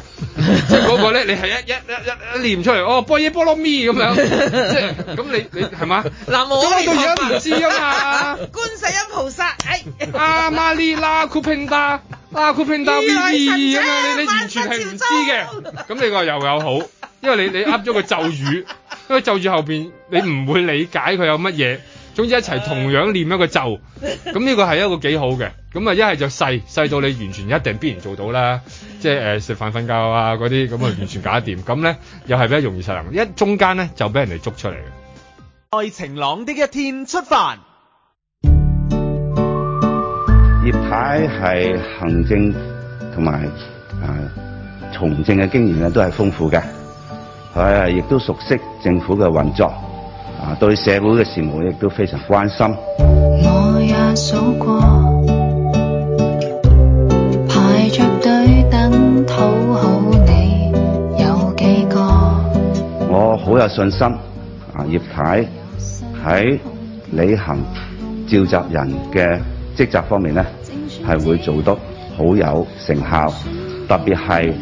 即係嗰個咧你係一一一一,一唸出嚟哦波耶波羅蜜咁樣， 即係咁你你係嘛？嗱我咁你到而家唔知啊嘛？觀世音菩薩哎阿媽哩啦庫拼達啦庫拼達咪咁樣，你你完全係唔知嘅，咁你個又有好，因為你你噏咗個咒語。因為就住後邊，你唔會理解佢有乜嘢。總之一齊同樣念一個咒，咁、這、呢個係一個幾好嘅。咁啊，一係就細細到你完全一定必然做到啦。即係誒食飯瞓覺啊嗰啲，咁啊完全搞得掂。咁咧又係比較容易實行。一中間咧就俾人哋捉出嚟。在晴朗的一天出發。葉太係行政同埋啊從政嘅經驗咧都係豐富嘅。佢，亦、嗯、都熟悉政府嘅運作，啊，對社會嘅事務亦都非常關心。我也數過，排着隊等討好你有幾個？我好有信心，啊，葉太喺履行召集人嘅職責方面咧，係會做得好有成效，特別係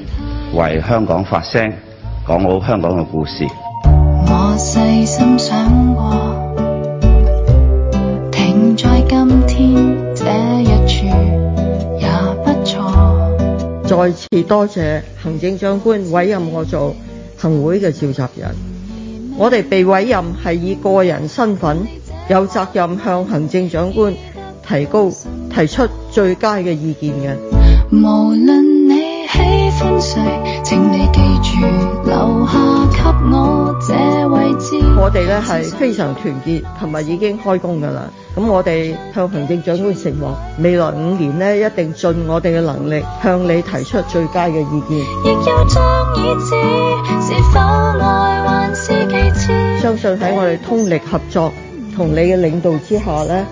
為香港發聲。講好香港嘅故事。我細心想過，停在今天這一處也不錯。再次多謝行政長官委任我做行會嘅召集人。我哋被委任係以個人身份，有責任向行政長官提高，提出最佳嘅意見嘅。無論你喜歡誰，請你記住。我哋呢係非常團結，琴日已經開工㗎喇。咁我哋向行政長官承諾，未來五年呢，一定盡我哋嘅能力，向你提出最佳嘅意見。亦相信喺我哋通力合作同你嘅領導之下呢，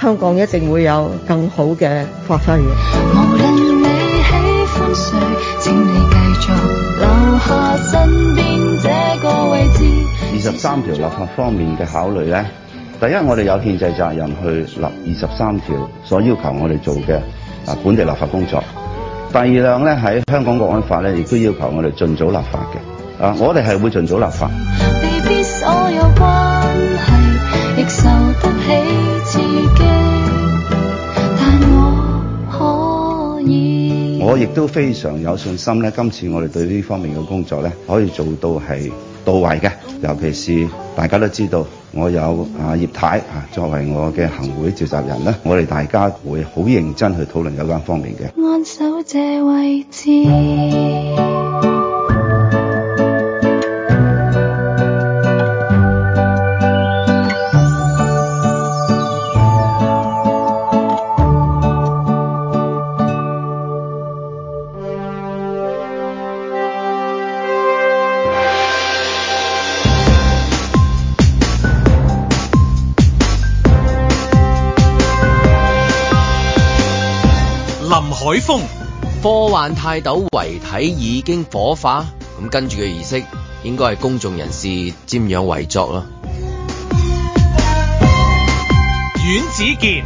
香港一定會有更好嘅發揮嘅。無論你喜歡誰，請你繼續留下身邊。二十三條立法方面嘅考慮咧，第一我哋有憲制責任去立二十三條所要求我哋做嘅啊本地立法工作。第二樣咧，喺香港國安法咧亦都要求我哋盡早立法嘅啊，我哋係會盡早立法。我有關係，亦受得起，但我亦都非常有信心咧，今次我哋對呢方面嘅工作咧可以做到係。到位嘅，尤其是大家都知道，我有啊葉太啊作為我嘅行會召集人啦，我哋大家會好認真去討論有關方面嘅。按守這位置。科幻泰斗遺體已經火化，咁跟住嘅儀式應該係公眾人士瞻仰遺作咯。阮子健，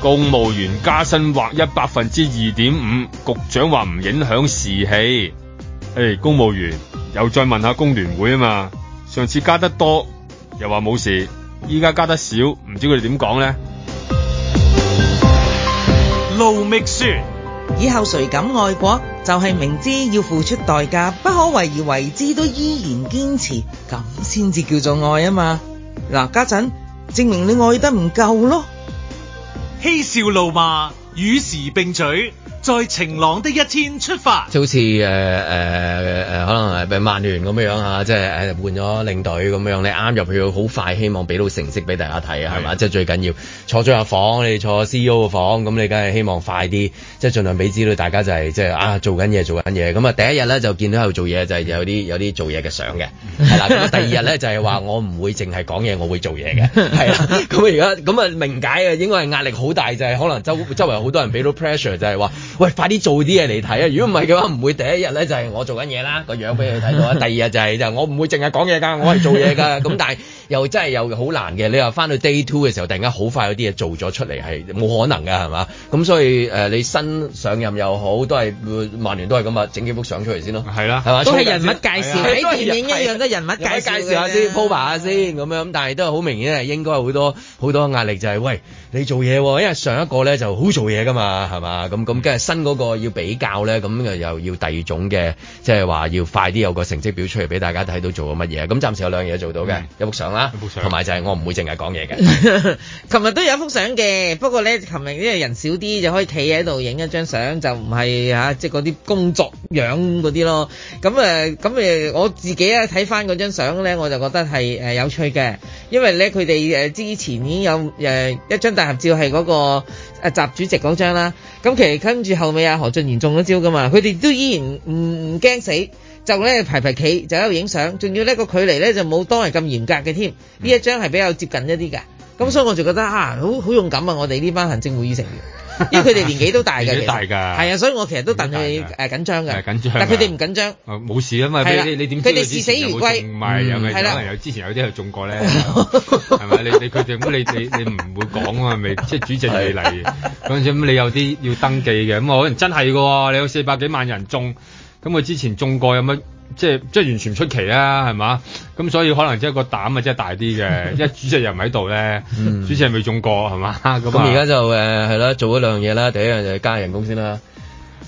公務員加薪或一百分之二點五，局長話唔影響士氣。誒、哎，公務員又再問下工聯會啊嘛，上次加得多又話冇事，依家加得少，唔知佢哋點講咧。盧覓雪。以後誰敢愛國，就係、是、明知要付出代價，不可為而為之都依然堅持，咁先至叫做愛啊嘛！嗱，家陣，證明你愛得唔夠咯，嬉笑怒罵與時並舉。在晴朗的一天出發，就好似誒誒誒，可能係咪曼聯咁樣樣嚇，即係誒換咗領隊咁樣，你啱入去好快，希望俾到成績俾大家睇啊，係嘛？即係最緊要坐咗下房，你坐 CEO 嘅房，咁你梗係希望快啲，即係盡量俾資料大家就係即係啊做緊嘢做緊嘢咁啊！第一日咧就見到喺度做嘢就係、是、有啲有啲做嘢嘅相嘅，係啦。咁啊第二日咧就係話我唔會淨係講嘢，我會做嘢嘅，係 啦。咁啊而家咁啊明解啊，應該係壓力好大就係、是、可能周周圍好多人俾到 pressure 就係話。喂，快啲做啲嘢嚟睇啊！如果唔係嘅話，唔會第一日咧就係我做緊嘢啦，個樣俾你睇到啊。第二日就係就我唔會淨係講嘢㗎，我係做嘢㗎。咁但係又真係又好難嘅。你話翻到 day two 嘅時候，突然間好快有啲嘢做咗出嚟，係冇可能㗎，係嘛？咁所以誒，你新上任又好，都係曼聯都係咁啊，整幾幅相出嚟先咯。係啦，係嘛？都係人物介紹，睇電影一樣都係人物介紹下先，po 埋下先咁樣。但係都係好明顯係應該好多好多壓力就係喂，你做嘢喎，因為上一個咧就好做嘢噶嘛，係嘛？咁咁跟住新嗰個要比較咧，咁又又要，要第二種嘅，即係話要快啲有個成績表出嚟俾大家睇到做過乜嘢。咁暫時有兩樣嘢做到嘅，嗯、有幅相啦，有幅相。同埋就係我唔會淨係講嘢嘅。琴日都有幅相嘅，不過咧，琴日因為人少啲，就可以企喺度影一張相，就唔係呀，即係嗰啲工作樣嗰啲咯。咁誒，咁誒，我自己咧睇翻嗰張相咧，我就覺得係誒有趣嘅，因為咧佢哋誒之前已經有誒一張大合照係嗰個誒習主席嗰張啦，咁其實跟住後尾啊何俊賢中咗招噶嘛，佢哋都依然唔唔驚死，就咧排排企就喺度影相，仲要呢個距離咧就冇當日咁嚴格嘅添，呢一張係比較接近一啲噶，咁所以我就覺得啊好好勇敢啊我哋呢班行政會議成員。因為佢哋年紀都大大嘅，係啊，所以我其實都戥佢誒緊張嘅，但佢哋唔緊張，冇事啊嘛。係啦，你點知？佢哋視死如歸，唔係咁嘅，可能有之前有啲係中過咧，係咪？你你佢哋咁你你你唔會講啊嘛？咪即係主席嚟嗰陣時咁，你有啲要登記嘅咁，可能真係噶喎，你有四百幾萬人中。咁佢之前中過有乜，即係即係完全唔出奇啦，啊，係嘛？咁所以可能即係個膽啊，即係大啲嘅，因為主席又唔喺度咧，嗯、主席又未中過，係嘛？咁而家就誒係啦，做咗兩樣嘢啦，第一樣就係加人工先啦。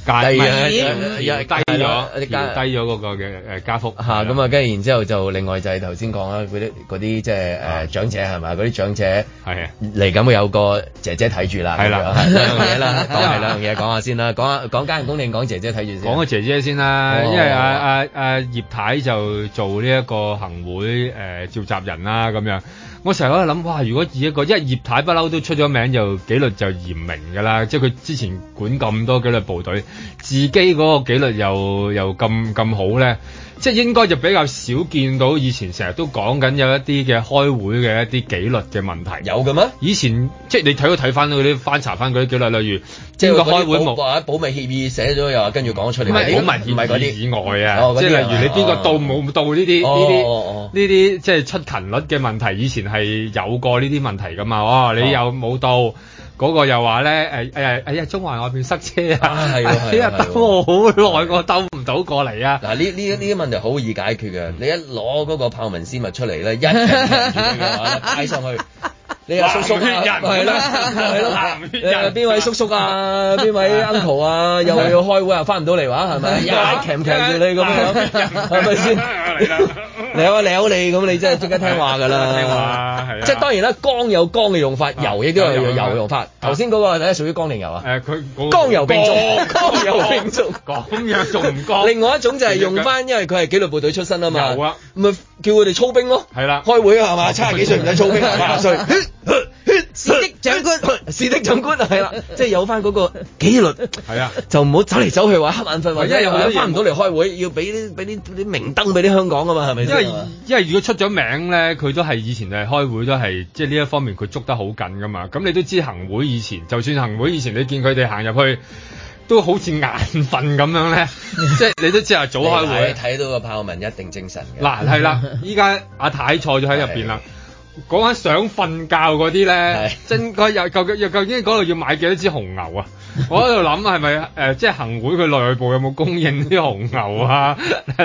低咗，咦？又係低咗，低低咗嗰個嘅誒加幅。嚇，咁啊，跟住然之後就另外就係頭先講啦，嗰啲嗰啲即係誒長者係咪啊？嗰啲長者係啊，嚟緊會有個姐姐睇住啦。係啦，兩樣嘢啦，講係兩樣嘢，講下先啦，講下講家人公領，講姐姐睇住先。講個姐姐先啦，因為啊啊啊葉太就做呢一個行會誒召集人啦，咁樣。我成日喺度諗，哇！如果以一個一葉太不嬲都出咗名，就紀律就嚴明嘅啦，即係佢之前管咁多紀律部隊，自己嗰個紀律又又咁咁好咧。即係應該就比較少見到以前成日都講緊有一啲嘅開會嘅一啲紀律嘅問題。有嘅咩？以前即係你睇睇翻嗰啲翻查翻嗰啲紀律，例如即係個開會冇保密協議寫咗又跟住講出嚟。唔係保密協議以外啊，即係例如你邊個到冇到呢啲呢啲呢啲即係出勤率嘅問題，以前係有過呢啲問題噶嘛？哇、哦！你有冇到？哦哦嗰個又話咧，誒誒哎呀，中環外邊塞車啊，今日等我好耐，我兜唔到過嚟啊！嗱，呢呢啲呢啲問題好易解決嘅，你一攞嗰個豹紋絲襪出嚟咧，一人攬你啊，帶上去，叔叔，邊位？係咯，係咯，男邊位？邊位叔叔啊？邊位 uncle 啊？又要開會又翻唔到嚟話係咪？拉攬攬住你咁樣，係咪先？嚟啦！啊、你話撩你咁，你真係即刻聽話㗎啦，聽話係啊， 即係當然啦，光有光嘅用法，油亦都有油嘅用法。頭先嗰個係屬於光靈油啊，誒佢、呃、光油兵種，光油兵種咁樣仲唔光？ 另外一種就係用翻，因為佢係紀律部隊出身啊嘛，唔係、啊、叫佢哋操兵咯，係啦的，開會啊嘛，七十幾歲唔使操兵，八歲、嗯。 是的長官，是的長官啊，係啦，即係有翻嗰個紀律，係啊，就唔好走嚟走去話瞌眼瞓，或者又翻唔到嚟開會，要俾啲俾啲啲明燈俾啲香港噶嘛，係咪？因為因為如果出咗名咧，佢都係以前係開會都係即係呢一方面佢捉得好緊噶嘛，咁你都知行會以前，就算行會以前你見佢哋行入去，都好似眼瞓咁樣咧，即係你都知啊早開會，睇到個炮文一定精神嘅，嗱係啦，依家阿太坐咗喺入邊啦。嗰班想瞓覺嗰啲咧， 真，佢又究竟又究竟度要買幾多支紅、， 呃、紅牛啊？我喺度諗係咪誒，即係行會佢內部有冇供應啲紅牛啊、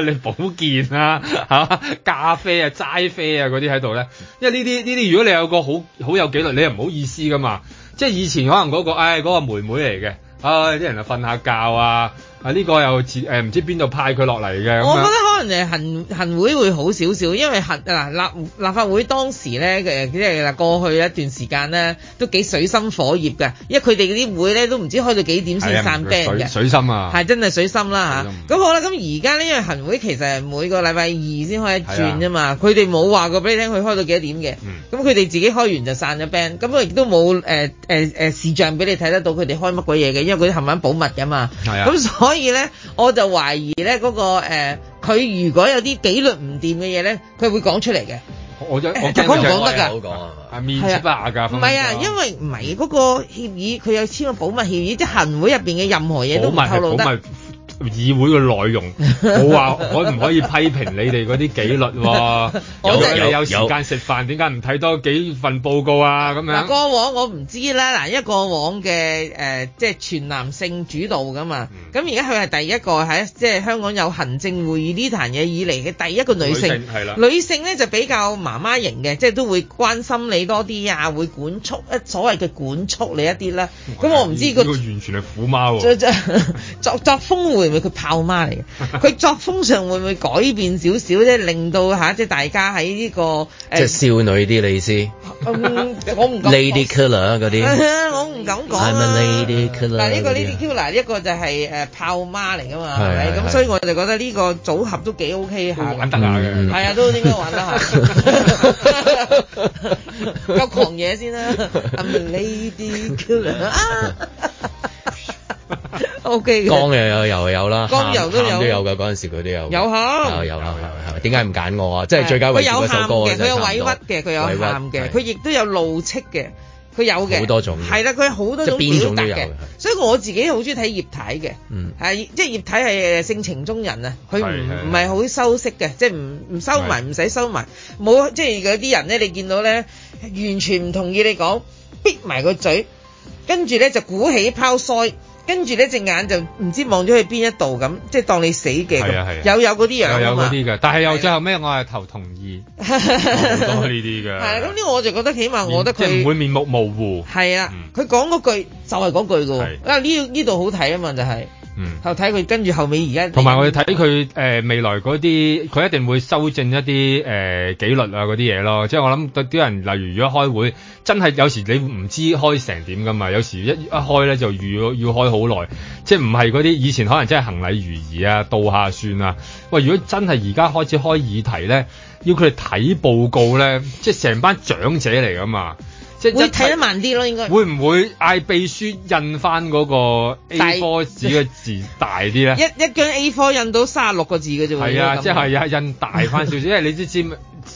你保健啊嚇、啊、咖啡啊、齋啡啊嗰啲喺度咧？因為呢啲呢啲，如果你有個好好有紀律，你又唔好意思噶嘛。即係以前可能嗰、嗰個誒、嗰個、妹妹嚟嘅，誒啲人就瞓下覺啊。啊！呢、呢個又自唔、呃、知邊度派佢落嚟嘅，我覺得可能誒行行會會好少少，因為行嗱立立法會當時咧，佢即係嗱過去一段時間咧都幾水深火熱嘅，因為佢哋嗰啲會咧都唔知開到幾點先散 band 嘅。水深啊！係真係水深啦嚇。咁的好啦，咁而家呢？因為行會其實每個禮拜二先開一轉啫嘛，佢哋冇話過俾你聽佢開到幾多點嘅。咁佢哋自己開完就散咗 band，咁亦都冇誒誒誒視像俾你睇得到佢哋開乜鬼嘢嘅，因為佢啲冚唪唥保密㗎嘛。係啊的。咁所所以咧，我就懷疑咧嗰、那個誒，佢、呃、如果有啲紀律唔掂嘅嘢咧，佢會講出嚟嘅。我、欸、我聽唔講得噶，唔講啊，面斥下。唔係啊，因為唔係嗰個協議，佢有簽個保密協議，即係行會入邊嘅任何嘢都唔透露得。議會嘅內容冇話可唔可以批評你哋嗰啲紀律喎？有時間食飯，點解唔睇多幾份報告啊？咁樣嗱，過往我唔知啦。嗱，一過往嘅誒，即係全男性主導噶嘛。咁而家佢係第一個喺即係香港有行政會議呢壇嘢以嚟嘅第一個女性。係啦，女性咧就比較媽媽型嘅，即係都會關心你多啲啊，會管束一所謂嘅管束你一啲啦。咁我唔知佢完全係虎媽喎，作作風會，會佢炮媽嚟嘅，佢作風上會唔會改變少少啫？令到嚇即係大家喺呢個即係少女啲，你意思？我唔敢。Lady killer 嗰啲，我唔敢講啊！係咪 Lady killer？但係呢個呢啲 killer 呢個就係誒炮媽嚟㗎嘛，係咪？咁所以我就覺得呢個組合都幾 OK 下，玩得下嘅。係啊，都應該玩得下。夠狂野先啦！I'm a lady killer。O.K.，剛又有又有啦，剛柔都有，都有嘅。嗰陣時佢都有有下，有喊係點解唔揀我啊？即係最佳位置嗰首歌嘅，佢有委屈嘅，佢有喊嘅，佢亦都有怒斥嘅，佢有嘅。好多種係啦，佢好多種表達嘅，所以我自己好中意睇葉太嘅，嗯，即係葉太係性情中人啊，佢唔唔係好修飾嘅，即係唔唔收埋，唔使收埋，冇即係有啲人咧，你見到咧完全唔同意你講，逼埋個嘴，跟住咧就鼓起拋腮。跟住咧隻眼就唔知望咗去邊一度咁，即係當你死嘅咁，啊啊、有有嗰啲樣有有啊有嗰啲嘅，但係又最後尾我係頭同意講呢啲嘅。係， 咁呢、啊、我就覺得起碼我覺得佢唔、即係、會面目模糊。係啊，佢講嗰句就係、係、嗰句嘅喎。啊呢呢度好睇啊嘛，就係、係。嗯，後睇佢跟住後尾，而家，同埋我哋睇佢誒未來嗰啲，佢一定會修正一啲誒紀律啊嗰啲嘢咯。即係我諗對啲人，例如如果開會，真係有時你唔知開成點噶嘛？有時一一開咧就預要開好耐，即係唔係嗰啲以前可能真係行禮如儀啊，到下算啊。喂，如果真係而家開始開議題咧，要佢哋睇報告咧，即係成班長者嚟噶嘛？會睇得慢啲咯，應該。會唔會嗌秘書印翻嗰個 A4 紙嘅字大啲咧？一一張 A4 印到三十六個字嘅啫喎。係啊，即係啊，印大翻少少，因為你知知，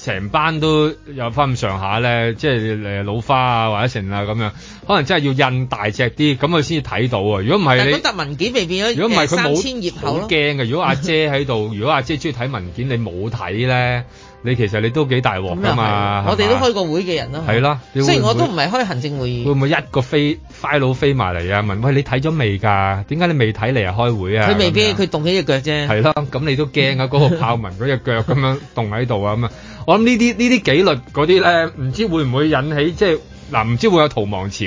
成班都有翻咁上下咧，即係誒老花啊或者成啊咁樣，可能真係要印大隻啲，咁佢先至睇到啊。如果唔係，你得文件未變咗，如果唔係，佢冇好驚嘅。如果阿姐喺度，如果阿姐中意睇文件，你冇睇咧。你其實你都幾大鑊㗎嘛？吧我哋都開過會嘅人咯，係啦，所以我都唔係開行政會議。會唔會一個飛 file 飛埋嚟啊？問喂，你睇咗未㗎？點解你未睇嚟啊？開會啊？佢未必，佢動樣起隻腳啫。係咯，咁你都驚啊？嗰 個豹紋嗰隻腳咁樣動喺度啊？咁啊，我諗呢啲呢啲紀律嗰啲咧，唔知會唔會引起即係嗱，唔、就是、知會有逃亡潮，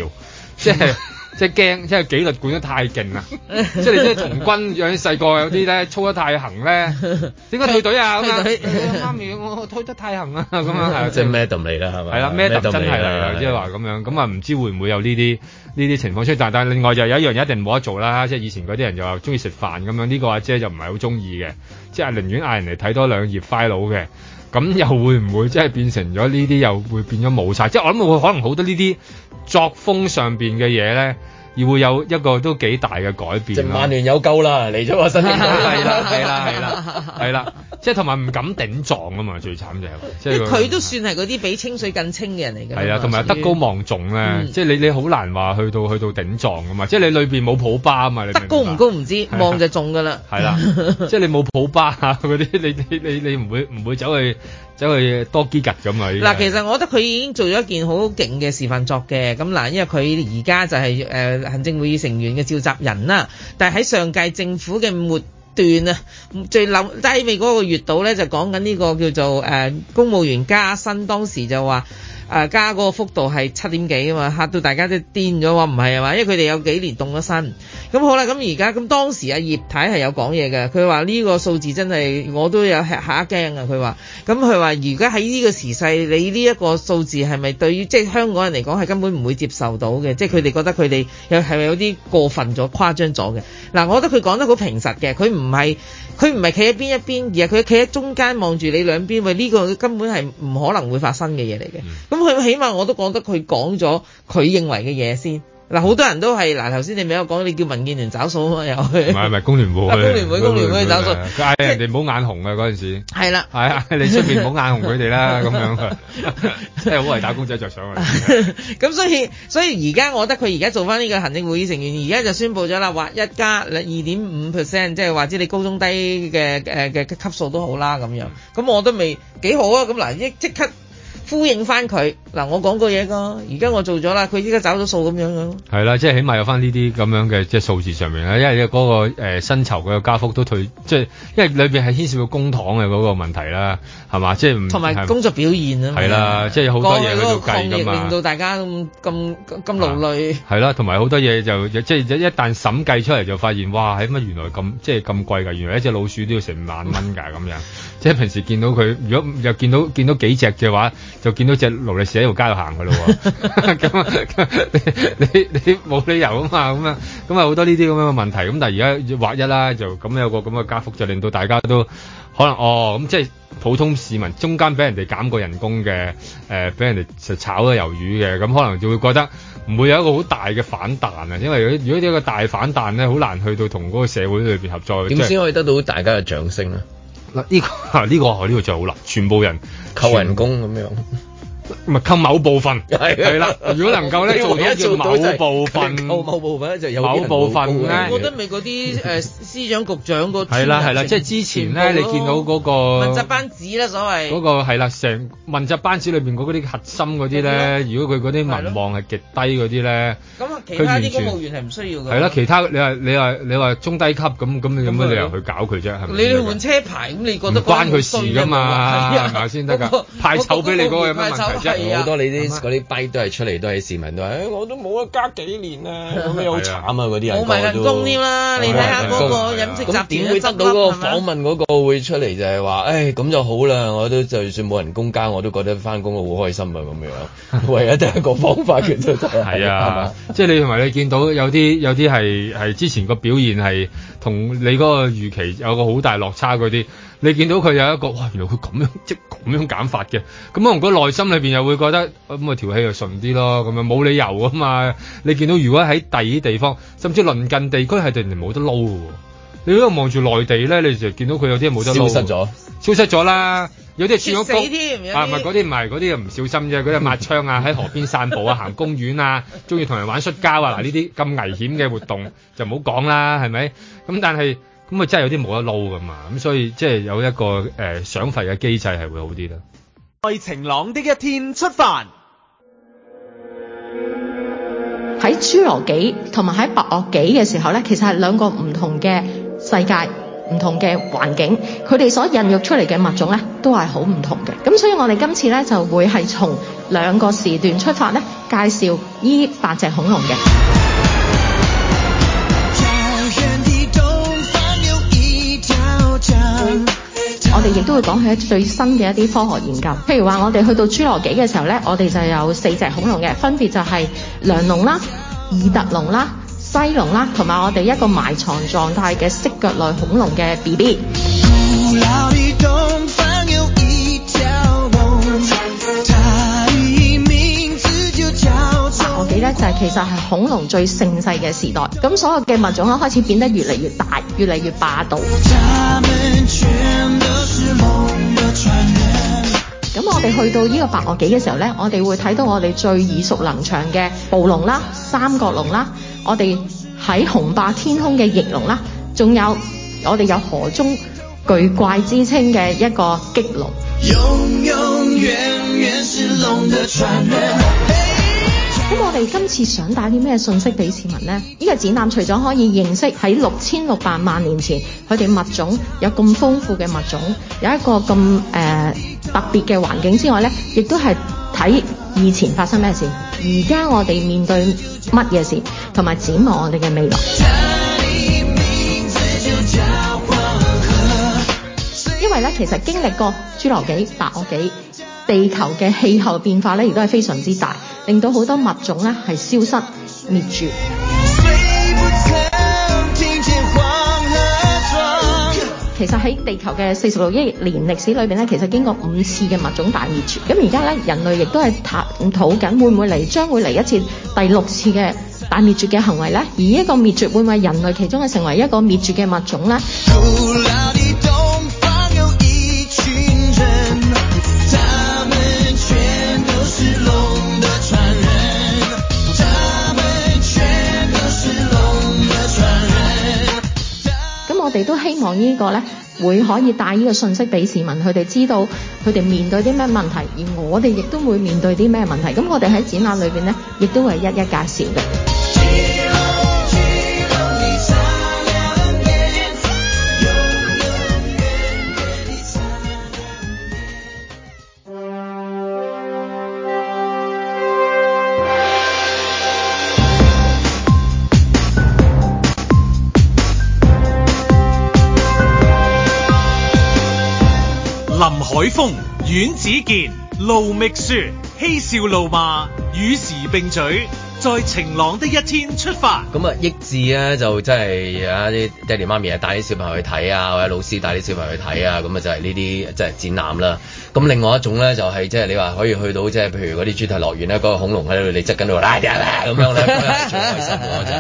即係。即係驚，即係紀律管得太勁啦！即係你即係從軍養起細個有啲咧操得太行咧，點解退隊啊？咁樣媽咪，我推得太行啦！咁樣即係 Madam 嚟啦？係咪？係啦，Madam 真係嚟啊？即係話咁樣，咁啊唔知會唔會有呢啲呢啲情況出？但但另外就有一樣嘢一定冇得做啦，即係以前嗰啲人又話中意食飯咁樣，呢個阿姐就唔係好中意嘅，即係寧願嗌人嚟睇多兩頁 file 嘅，咁又會唔會即係變成咗呢啲又會變咗冇晒？即係我諗會可能好多呢啲。作風上邊嘅嘢咧，而會有一個都幾大嘅改變。曼聯有救啦，嚟咗個新經理啦，係啦，係啦、嗯，係啦，係啦，即係同埋唔敢頂撞啊嘛，最慘就係。即係佢都算係嗰啲比清水更清嘅人嚟嘅。係啊，同埋德高望重咧、嗯，即係你你好難話去到去到頂撞噶嘛，即係你裏邊冇普巴啊嘛。你德高唔高唔知，望就中噶啦。係啦，即係你冇普巴啊，嗰啲你你你你唔會唔會走去。走去多幾格咁啊。嗱，其實我覺得佢已經做咗一件好勁嘅示範作嘅。咁嗱，因為佢而家就係、是、誒、呃、行政會議成員嘅召集人啦。但係喺上屆政府嘅末段啊，最冧低尾嗰個月度咧，就講緊呢個叫做誒、呃、公務員加薪，當時就話。啊，加嗰個幅度係七點幾啊嘛，嚇到大家都癲咗話唔係啊嘛，因為佢哋有幾年凍咗身。咁好啦，咁而家咁當時阿葉太係有講嘢嘅，佢話呢個數字真係我都有嚇一驚啊。佢話咁佢話而家喺呢個時勢，你呢一個數字係咪對於即係、就是、香港人嚟講係根本唔會接受到嘅？即係佢哋覺得佢哋又係咪有啲過分咗、誇張咗嘅。嗱，我覺得佢講得好平實嘅，佢唔係佢唔係企喺邊一邊，而係佢企喺中間望住你兩邊，喂呢、這個根本係唔可能會發生嘅嘢嚟嘅。嗯咁佢起碼我都覺得佢講咗佢認為嘅嘢先。嗱，好多人都係嗱，頭先你咪有講，你叫民建聯找數又去，唔係唔係工聯會，工聯會、呃、工聯會找數。嗌人哋唔好眼紅啊嗰陣時。係啦，係啊，你出面唔好眼紅佢哋啦咁樣，真係好為打工仔着想啊。咁所以所以而家我覺得佢而家做翻呢個行政會議成員，而家就宣布咗啦，話一加二點五 percent，即係話知你高中低嘅誒嘅級數都好啦咁樣。咁 我都未幾好啊。咁嗱，即刻。呼應翻佢嗱，我講過嘢㗎，而家我做咗啦，佢依家找咗數咁樣咯。係啦、啊，即係起碼有翻呢啲咁樣嘅即係數字上面啦，因為嗰、那個薪酬嗰個加幅都退，即係因為裏邊係牽涉到公帑嘅嗰個問題啦，係嘛？即係同埋工作表現啊。係啦吧吧，即係好多嘢都要計㗎嘛。令到大家咁咁咁勞累。係啦，同埋好多嘢就即係一一旦審計出嚟就發現，哇！係、哎、乜原來咁即係咁貴㗎？原來一隻老鼠都要成萬蚊㗎咁樣。 即係平時見到佢，如果又見到見到幾隻嘅話，就見到隻勞力士喺條街度行嘅咯喎。咁 你你你冇理由啊嘛，咁樣咁啊好多呢啲咁樣嘅問題。咁但係而家劃一啦，就咁有個咁嘅加幅，就令到大家都可能哦咁，即係普通市民中間俾人哋減過人工嘅，誒、呃、俾人哋炒咗魷魚嘅，咁可能就會覺得唔會有一個好大嘅反彈啊！因為如果呢個大反彈咧，好難去到同嗰個社會裏邊合作。點先可以得到大家嘅掌聲咧？嗱呢個呢個呢個最好啦！全部人扣人工咁樣，咪扣某部分，係啦。如果能夠咧，做一做某部分，某部分咧，就有啲唔同。我覺得咪嗰啲誒司長局長個係啦係啦，即係之前咧，你見到嗰個問責班子咧，所謂嗰個係啦，成問責班子裏邊嗰啲核心嗰啲咧，如果佢嗰啲民望係極低嗰啲咧。其他啲公務員係唔需要嘅？係啦，其他你話你話你話中低級咁咁，你有乜理由去搞佢啫？係咪？你要換車牌咁，你覺得唔關佢事㗎嘛？牌先得㗎，派籌俾你嗰個有乜問題啫？好多你啲嗰啲弊都係出嚟，都係市民都話，我都冇得加幾年啊！咁樣好慘啊！嗰啲人冇埋人工添啦，你睇下嗰個飲食雜店點會得到嗰個訪問嗰個會出嚟就係話，唉，咁就好啦。我都就算冇人工加，我都覺得翻工好開心啊。咁樣唯一第一個方法其實係係啊，即係你。因為你見到有啲有啲係係之前個表現係同你嗰個預期有個好大落差嗰啲，你見到佢有一個哇，原來佢咁樣即咁樣減法嘅，咁可能個內心裏邊又會覺得咁啊，條氣又順啲咯，咁樣冇理由啊嘛。你見到如果喺第二啲地方，甚至鄰近地區係哋冇得撈。你都望住內地咧，你就見到佢有啲冇得撈，消失咗，消失咗啦。有啲跌死添，啊唔係嗰啲唔係嗰啲唔小心啫，嗰啲抹窗啊，喺河邊散步啊， 行公園啊，中意同人玩摔跤啊，嗱呢啲咁危險嘅活動就唔好講啦，係咪？咁但係咁啊，真係有啲冇得撈噶嘛，咁所以即係、就是、有一個誒獎罰嘅機制係會好啲啦。在晴朗的一天出發，喺侏羅紀同埋喺白堊紀嘅時候咧，其實係兩個唔同嘅。世界唔同嘅環境，佢哋所孕育出嚟嘅物種呢，都係好唔同嘅。咁所以我哋今次呢，就會係從兩個時段出發呢，介紹呢八隻恐龍嘅。我哋亦都會講起最新嘅一啲科學研究，譬如話我哋去到侏羅紀嘅時候呢，我哋就有四隻恐龍嘅，分別就係梁龍啦、異特龍啦。西龍啦，同埋我哋一個埋藏狀態嘅蜥腳類恐龍嘅 B B。我記得就係其實係恐龍最盛世嘅時代，咁所有嘅物種咧開始變得越嚟越大，越嚟越霸道。咁我哋去到呢個白堊紀嘅時候呢，我哋會睇到我哋最耳熟能詳嘅暴龍啦、三角龍啦。我哋喺雄霸天空嘅翼龍啦，仲有我哋有河中巨怪之稱嘅一個棘龍。永永遠遠是龍的傳人。咁我哋今次想帶啲咩信息俾市民呢？依、這個展覽除咗可以認識喺六千六百萬年前佢哋物種有咁豐富嘅物種，有一個咁誒、呃、特別嘅環境之外呢，亦都係睇。以前發生咩事？而家我哋面對乜嘢事？同埋展望我哋嘅未來。因為咧，其實經歷過侏羅紀、白堊紀，地球嘅氣候變化咧，亦都係非常之大，令到好多物種咧係消失滅絕。 其實喺地球嘅四十六億年歷史裏邊咧，其實經過五次嘅物種大滅絕。咁而家咧，人類亦都係探討緊會唔會嚟將會嚟一次第六次嘅大滅絕嘅行為咧？而呢一個滅絕會唔會人類其中係成為一個滅絕嘅物種咧？ 我哋都希望呢個呢，會可以帶呢個信息俾市民，佢哋知道佢哋面對啲咩問題，而我哋亦都會面對啲咩問題。咁我哋喺展覽裏邊呢，亦都係一一介紹嘅。海峰、阮子健、盧覓雪、嬉笑怒罵，與時並舉，在晴朗的一天出發。咁啊，益智咧就真係啊啲爹哋媽咪啊帶啲小朋友去睇啊，或者老師帶啲小朋友去睇啊，咁啊就係呢啲即係展覽啦。咁另外一種咧就係即係你話可以去到即係譬如嗰啲主題樂園咧，嗰個恐龍喺度你執緊度啦啦啦咁樣咧，最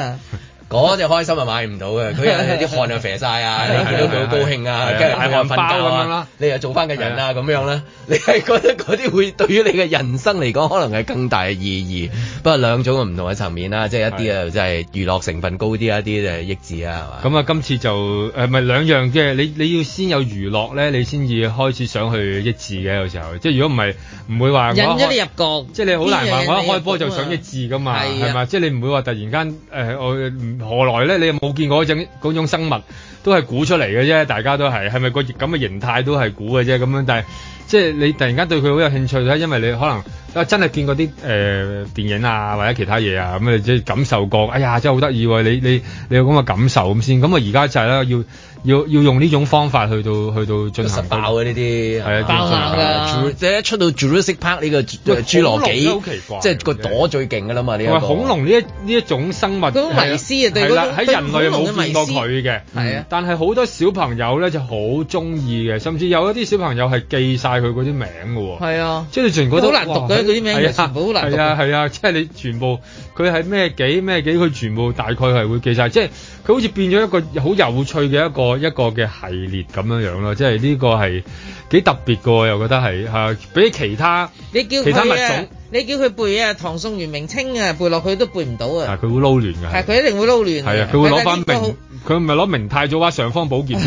嗰隻開心啊買唔到嘅，佢啲汗又肥晒啊，你睇到佢好高興啊，跟住大汗瞓覺咁樣啦，你又做翻嘅人啊咁樣啦，你係覺得嗰啲會對於你嘅人生嚟講，可能係更大嘅意義。不過兩種唔同嘅層面啦，即係一啲啊，即係娛樂成分高啲，一啲就係益智啊，係嘛？咁啊，今次就誒咪兩樣嘅，你你要先有娛樂咧，你先至開始想去益智嘅。有時候即係如果唔係唔會話引咗你入局，即係你好難話我一開波就想益智噶嘛，係咪？即係你唔會話突然間誒我何來咧？你又冇見過嗰種嗰種生物，都係估出嚟嘅啫。大家都係，係咪個咁嘅形態都係估嘅啫咁樣？但係即係你突然間對佢好有興趣咧，因為你可能啊真係見過啲誒、呃、電影啊或者其他嘢啊，咁你即係感受過，哎呀真係好得意喎！你你你有咁嘅感受咁先。咁啊而家就係啦，要。要要用呢種方法去到去到進行爆嘅呢啲，係啊，爆硬啊！第一出到 Jurassic Park 呢個侏羅紀，好奇怪，即係個朵最勁噶啦嘛！呢個恐龍呢一呢一種生物，迷思係啦，喺人類冇見過佢嘅，係啊。但係好多小朋友咧就好中意嘅，甚至有一啲小朋友係記晒佢嗰啲名㗎喎。係啊 Jurassic 好難讀到佢啲名，全部好難。係啊係啊，即係你全部佢係咩幾咩幾，佢全部大概係會記晒，即係佢好似變咗一個好有趣嘅一個。一個嘅系列，咁樣樣咯，即係呢個係幾特別噶，我覺得係吓、啊、比起其他你叫佢啊，你叫佢背啊唐宋元明清啊，背落去都背唔到啊。佢會撈亂噶，係佢、啊、一定會撈亂。係啊，佢會攞翻名，佢唔係攞明太祖啊《尚方寶劍》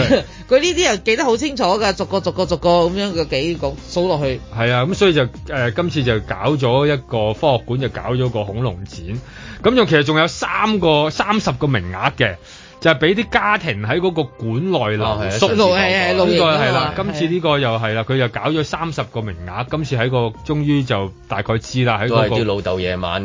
佢呢啲又記得好清楚噶，逐個逐個逐個咁樣幾個幾個數落去。係啊、咁、嗯、所以就誒、啊，今次就搞咗一個科學館，就搞咗個恐龍展。咁又其實仲有三個三十個名額嘅。就係俾啲家庭喺嗰個館內樓宿，呢個係啦，今次呢個又係啦，佢又搞咗三十個名額，今次喺個，終於就大概知啦，喺嗰個。都係啲老豆夜晚。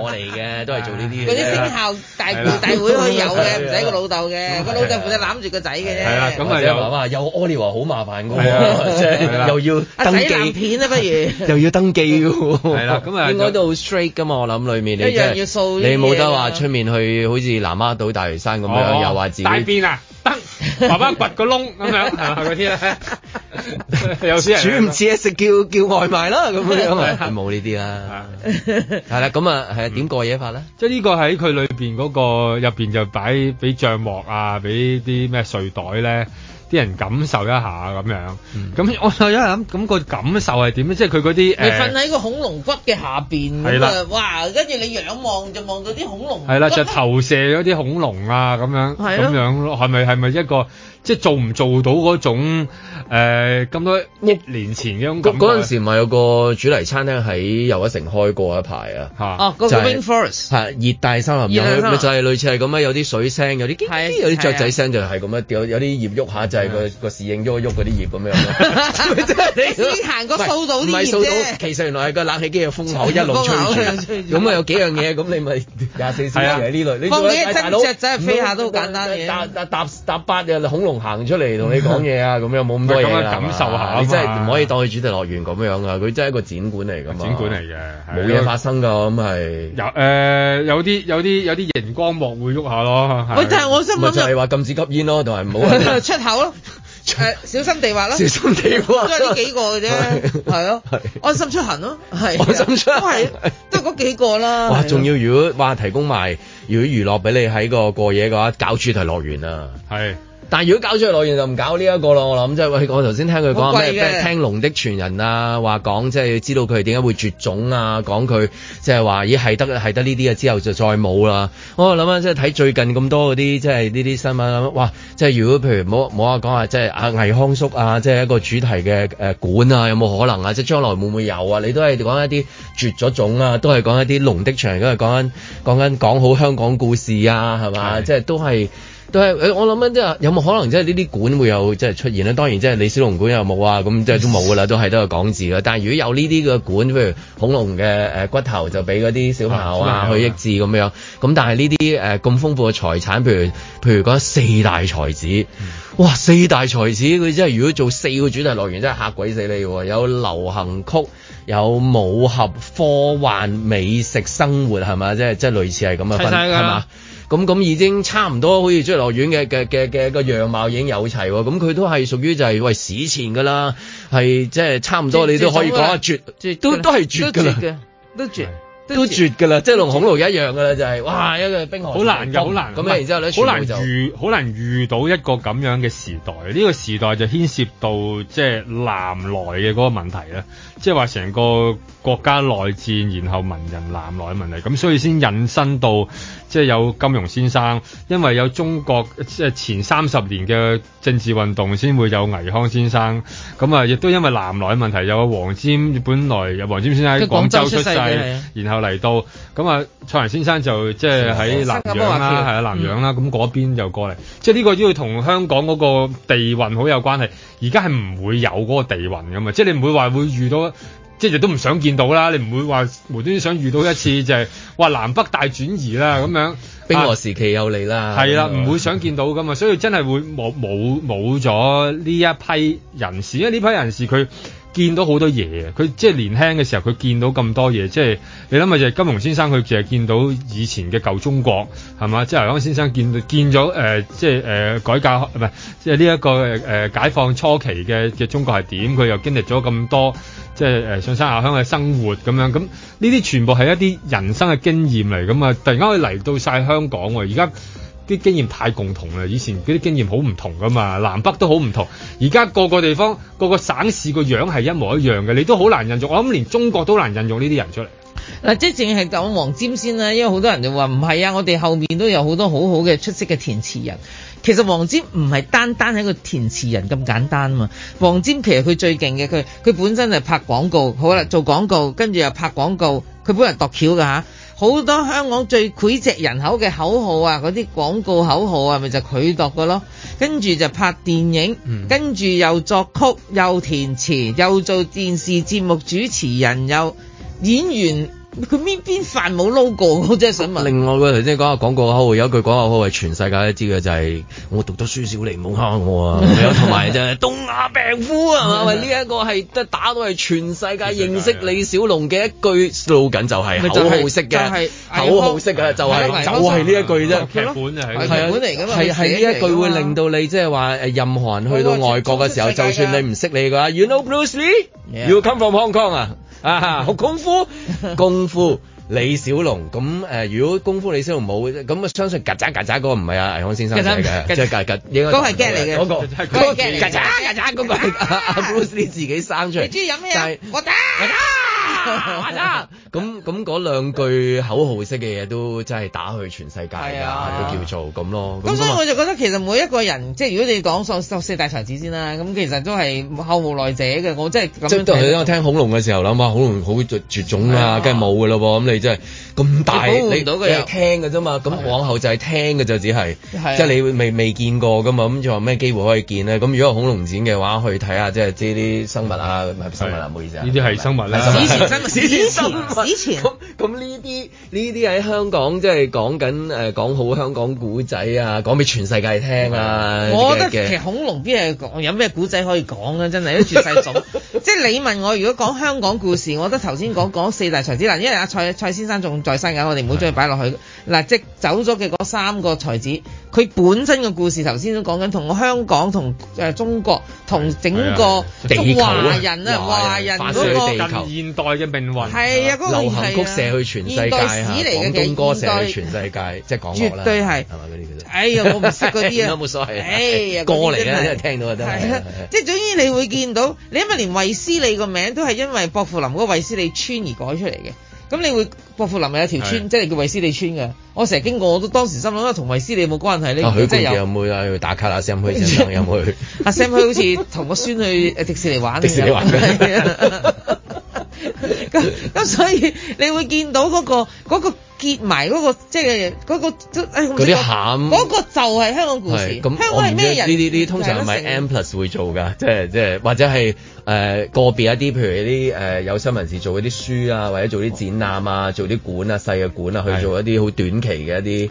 我嚟嘅，都係做呢啲嘢。嗰啲名校大會大會可以有嘅，唔使個老豆嘅，個老豆負責攬住個仔嘅啫。係啦，咁啊有。有 Oliver 好麻煩嘅，係即係又要登記。片啊，不如又要登記喎。係啦，咁啊，應該都好 straight 噶嘛？我諗裏面你真係你冇得話出面去，好似南丫島大嶼山咁樣，又話自己大便啊慢慢掘個窿咁、就是、樣，係嘛嗰啲咧？又 人煮唔煮嘢食叫叫外賣啦咁樣，樣 啊！冇呢啲啦，係啦咁啊，係啊，點、嗯、過夜法咧、嗯？即係呢個喺佢裏邊，嗰個入邊就擺俾帳幕啊，俾啲咩睡袋咧。啲人感受一下咁樣，咁、嗯、我就一諗咁個感受係點咧？即係佢嗰啲誒，你瞓喺個恐龍骨嘅下邊，係啦的，哇！跟住你仰望就望到啲恐龍係啦，就投射咗啲恐龍啊咁樣咁的樣咯，係咪係咪一個？即係做唔做到嗰種咁多億年前嘅嗰種感？嗰，嗰陣時咪有個主題餐廳喺又一城開過一排啊！嚇哦，嗰個 Rainforest 熱帶森林就係類似係咁啊！有啲水聲，有啲有啲雀仔聲，就係咁啊！有啲葉喐下，就係個個侍應喐喐嗰啲葉咁樣咯。真係你行個掃到啲葉到，其實原來係個冷氣機嘅風口一路吹住咁啊，有幾樣嘢，咁你咪廿四時係呢類。放啲雀仔飛下都簡單搭搭搭搭八隻恐龍。行出嚟同你講嘢啊！咁又冇咁多嘢感受下，你真係唔可以當佢主題樂園咁樣啊！佢真係一個展館嚟㗎嘛，展館嚟嘅，冇嘢發生㗎。咁係有誒，有啲有啲有啲熒光幕會喐下咯。喂，但係我想問就係話禁止吸煙咯，同埋唔好出口咯，小心地滑咯，小心地滑，都係呢幾個嘅啫，係咯，安心出行咯，係安心出都係都係嗰幾個啦。話仲要如果話提供埋如果娛樂俾你喺個過夜嘅話，搞主題樂園啊，係。但係如果搞出去來源就唔搞呢一個咯，我諗即係我頭先聽佢講咩咩聽龍的傳人啊，話講即係知道佢點解會絕種啊，講佢即係話咦係得係得呢啲啊，之後就再冇啦。我諗啊，即係睇最近咁多嗰啲即係呢啲新聞，哇！即係如果譬如冇冇話講話即係阿魏康叔啊，即係一個主題嘅誒館啊，有冇可能啊？即係將來會唔會有啊？你都係講一啲絕咗種啊，都係講一啲龍的傳人，因為講緊講緊講好香港故事啊，係嘛？即係是都係。都係誒，我諗緊即係有冇可能即係呢啲館會有即係出現咧？當然即係李小龍館有冇啊？咁即係都冇噶啦，都係都係講字噶。但係如果有呢啲嘅館，譬如恐龍嘅誒骨頭就俾嗰啲小朋友啊去益智咁樣。咁、啊、但係呢啲誒咁豐富嘅財產，譬如譬如講四大才子，哇！四大才子佢真係如果做四個主題樂園，真係嚇鬼死你喎！有流行曲，有武俠、科幻、美食、生活係咪？即係即係類似係咁嘅分係嘛？了咁咁、嗯嗯、已經差唔多，好似侏羅園嘅嘅嘅嘅個樣貌已經有齊喎。咁、嗯、佢都係屬於就係、是、喂史前噶啦，係即係差唔多，絕你都可以講係絕，絕絕都都係絕㗎啦，都絕，是都絕㗎啦，絕即係同恐龍一樣㗎啦，就係、是、哇一個冰河好咁風然之後咧好是難遇，好難遇到一個咁樣嘅時代。呢、這個時代就牽涉到即係、就是、南來嘅嗰個問題啦，即係話成個國家內戰，然後文人南來嘅問題，咁所以先引申到。即係有金庸先生，因為有中國即係前三十年嘅政治運動，先會有倪匡先生。咁、嗯、啊，亦都因為南來嘅問題，有黃霑，本來有黃霑先生喺廣州出世，出然後嚟到。咁、嗯、啊，蔡瀾先生就即係喺南洋啦，係啊南洋啦。咁嗰邊就過嚟，即係呢個都要同香港嗰個地運好有關係。而家係唔會有嗰個地運嘅嘛，即係你唔會話會遇到。即係亦都唔想見到啦，你唔會話無端端想遇到一次 就係話南北大轉移啦，咁樣冰河時期又嚟啦，係啦、啊，唔會想見到噶嘛，所以真係會冇冇冇咗呢一批人士，因為呢批人士佢。見到好多嘢，佢即係年輕嘅時候，佢見到咁多嘢，即係你諗下，就金庸先生佢淨係見到以前嘅舊中國係嘛？即係頭先生見見咗誒、呃，即係誒、呃、改革唔係、呃、即係呢一個誒、呃、解放初期嘅嘅中國係點？佢又經歷咗咁多即係誒、呃、上山下鄉嘅生活咁樣咁呢啲全部係一啲人生嘅經驗嚟咁啊！突然間佢嚟到晒香港喎，而家。啲經驗太共同啦，以前嗰啲經驗好唔同㗎嘛，南北都好唔同。而家個個地方、個個省市個樣係一模一樣嘅，你都好難引用。我諗連中國都難引用呢啲人出嚟。嗱，即係淨係講黃霑先啦，因為好多人就話唔係啊，我哋後面都有好多好好嘅出色嘅填詞人。其實黃霑唔係單單係個填詞人咁簡單嘛。黃霑其實佢最勁嘅，佢佢本身係拍廣告，好啦，做廣告，跟住又拍廣告，佢本人度橋㗎吓。好多香港最膾炙人口嘅口號啊，嗰啲廣告口號啊，咪就佢度嘅咯，跟住就拍電影，嗯、跟住又作曲又填詞，又做電視節目主持人又演員。佢邊邊飯冇 logo，我真係想問。另外個頭先講下廣告，有句廣告係全世界都知嘅就係我讀咗書少，你唔好蝦我啊！同埋真係東亞病夫啊嘛，呢一個係得打到係全世界認識李小龍嘅一句 slogan 就係口號式嘅，口號式嘅就係就係呢一句啫，劇本啊劇本嚟㗎嘛，係係呢一句會令到你即係話誒，任何人去到外國嘅時候，就算你唔識你嘅話，You know Bruce Lee? You come from Hong Kong 啊？ 啊！學功夫，功夫李小龍咁誒，如果功夫李小龍冇咁啊，相信曱甴曱甴嗰個唔係啊魏康先生嚟嘅，曱甴曱曱應該都係曱嚟嘅，嗰、嗰個係曱嚟嘅，曱甴曱甴嗰阿阿 Bruce Lee 自己生出嚟。你中意飲咩？water 啊！咁咁嗰兩句口號式嘅嘢都真係打去全世界㗎，都叫做咁咯。咁所以我就覺得其實每一個人，即係如果你講十四大才子先啦，咁其實都係後無來者嘅。我真係我聽恐龍嘅時候諗啊，恐龍好絕絕種啊，梗係冇㗎咯喎。咁你真係咁大，你你係聽㗎啫嘛。咁往後就係聽㗎就只係，即係你未未見過㗎嘛。咁仲有咩機會可以見呢？咁如果恐龍展嘅話，去睇下即係啲啲生物啊，唔係生物啦，唔好意思，呢啲係生物咧。史前，史前咁呢啲呢啲喺香港即係講緊誒講好香港古仔啊，講俾全世界聽啊！我的覺得其實恐龍邊係講有咩古仔可以講啊？真係一絕世種。 即係你問我如果講香港故事，我覺得頭先講講四大才子嗱，因為阿蔡蔡先生仲在生嘅，我哋唔好將佢擺落去嗱的，即係走咗嘅三個才子，佢本身嘅故事頭先都講緊同香港同，誒、呃、中國同整個華人啊華人嗰個地球近現代嘅。命運係啊，嗰個係流行曲嚟嘅嘅，廣東歌射去全世界，即係講咗啦，絕對係係咪嗰啲其實。哎呀，我唔識嗰啲啊，冇所謂。哎呀，歌嚟嘅，真聽到真係。即係總之你會見到，你因為連衛斯理個名都係因為博富林個衛斯理村而改出嚟嘅。咁你會博富林係有條村，即係叫衛斯理村嘅。我成日經過，我都當時心諗，同衛斯理冇關係呢。阿許冠傑有冇啊？去打卡？阿 Sam 去，阿 Sam 去好似同個孫去迪士尼玩。迪士尼玩。咁咁 所以你會見到嗰、那個嗰、那個結埋嗰、那個即係嗰、那個都嗰啲餡嗰個就係香港故事。嗯、香港係咩人？呢啲啲通常係咪 M+ 會做㗎？即係即係或者係誒、呃、個別一啲，譬如一啲誒、呃、有心人士做一啲書啊，或者做啲展覽啊，做啲館啊細嘅館啊，去做一啲好短期嘅一啲。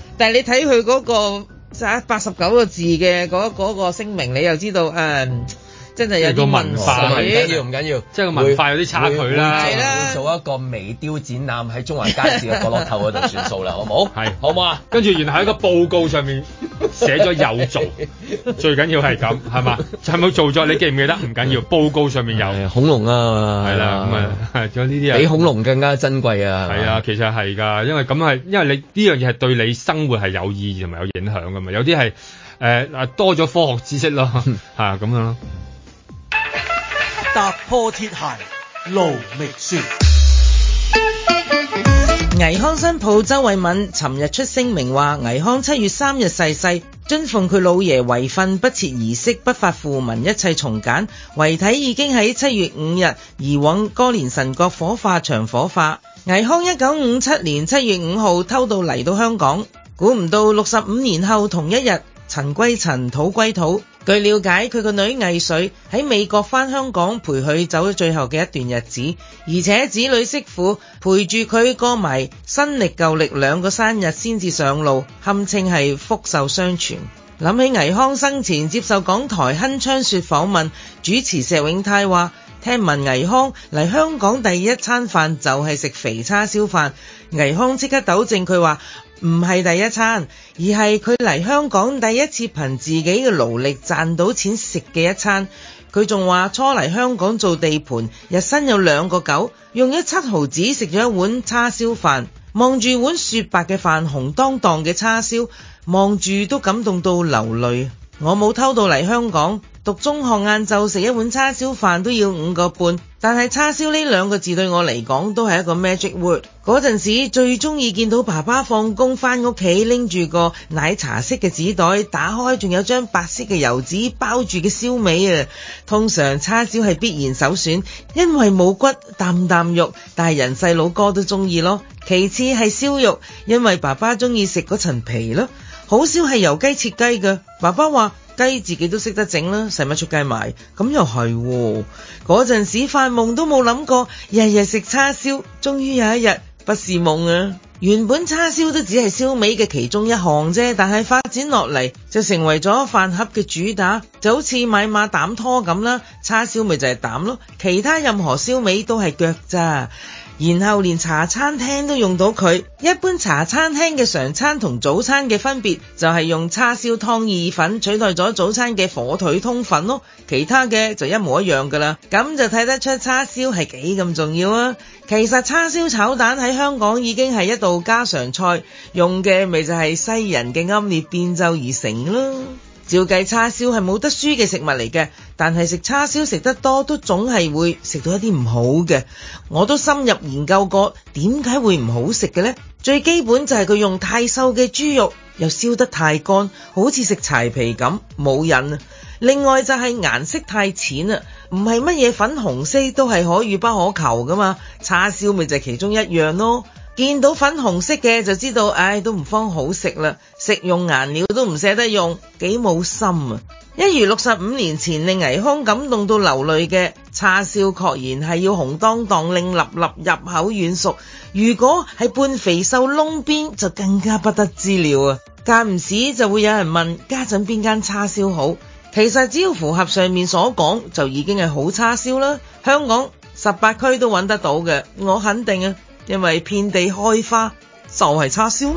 但係你睇佢嗰個就係八十九個字嘅，嗰嗰個聲明，你又知道誒。嗯真係有啲文化唔緊要，唔緊要，即係個文化有啲差距啦。跟住做一個微雕展覽喺中環街市嘅角落頭嗰度算數啦，好唔好？係好嘛？跟住然後喺個報告上面寫咗有做，最緊要係咁係嘛？係冇做咗？你記唔記得？唔緊要，報告上面有恐龍啊，係啦，咁啊，仲有呢啲啊，比恐龍更加珍貴啊，係啊，其實係㗎，因為咁係因為你呢樣嘢係對你生活係有意義同埋有影響㗎嘛。有啲係誒多咗科學知識咯，嚇咁樣咯。踏破鐵鞋路未絕。倪康新抱周慧敏尋日出聲明話，倪康七月三日逝世，世，遵奉佢老爺遺訓，不設儀式，不發訃文，一切從簡。遺體已經喺七月五日移往歌連臣角火化場火化。倪康一九五七年七月五號偷渡嚟到香港，估唔到六十五年後同一日塵歸塵，土歸土。據了解，佢個女倪穗喺美國返香港陪佢走咗最後嘅一段日子，而且子女媳婦陪住佢過埋新曆舊曆兩個生日先至上路，堪稱係福壽相傳。諗起倪匡生前接受港台《鏗鏘說》訪問，主持石永泰話：聽聞倪匡嚟香港第一餐飯就係食肥叉燒飯，倪匡即刻糾正佢話。唔係第一餐，而係佢嚟香港第一次憑自己嘅勞力賺到錢食嘅一餐。佢仲話初嚟香港做地盤，日薪有兩個九，用咗七毫子食咗一碗叉燒飯，望住碗雪白嘅飯、紅當當嘅叉燒，望住都感動到流淚。我冇偷到嚟香港。讀中學晏晝食一碗叉燒飯都要五個半，但係叉燒呢兩個字對我嚟講都係一個 magic word。嗰陣時最中意見到爸爸放工翻屋企拎住個奶茶色嘅紙袋，打開仲有張白色嘅油紙包住嘅燒味啊。通常叉燒係必然首選，因為冇骨啖啖肉，但大人細佬哥都中意咯。其次係燒肉，因為爸爸中意食嗰層皮咯。好少係油雞切雞噶，爸爸話。雞自己都識得整啦，使乜出街買，咁又係喎。嗰陣時發夢都冇諗過，日日食叉燒，終於有一日不是夢啊！原本叉燒都只係燒味嘅其中一項啫，但係發展落嚟，就成為咗飯盒嘅主打，就好似買馬膽拖咁啦，叉燒咪就係膽咯，其他任何燒味都係腳咋。然後連茶餐廳都用到佢。一般茶餐廳嘅常餐同早餐嘅分別就係用叉燒湯意粉取代咗早餐嘅火腿通粉咯，其他嘅就一模一樣㗎啦。咁就睇得出叉燒係幾咁重要啊！其實叉燒炒蛋喺香港已經係一道家常菜，用嘅咪就係西人嘅奄列變奏而成囉。照計叉燒係冇得輸嘅食物嚟嘅，但係食叉燒食得多都總係會食到一啲唔好嘅。我都深入研究過，點解會唔好食嘅呢？最基本就係佢用太瘦嘅豬肉，又燒得太乾，好似食柴皮咁冇癮。另外就係顏色太淺啦，唔係乜嘢粉紅色都係可遇不可求噶嘛，叉燒咪就係其中一樣咯。見到粉紅色嘅就知道，唉都唔方好食啦！食用顏料都唔捨得用，幾冇心啊！一如六十五年前令倪匡感動到流淚嘅叉燒，確然係要紅當當、令立立，入口軟熟。如果係半肥瘦窿邊，就更加不得之了啊！間唔時就會有人問家陣邊間叉燒好，其實只要符合上面所講，就已經係好叉燒啦。香港十八區都揾得到嘅，我肯定啊！因為遍地開花就係叉燒。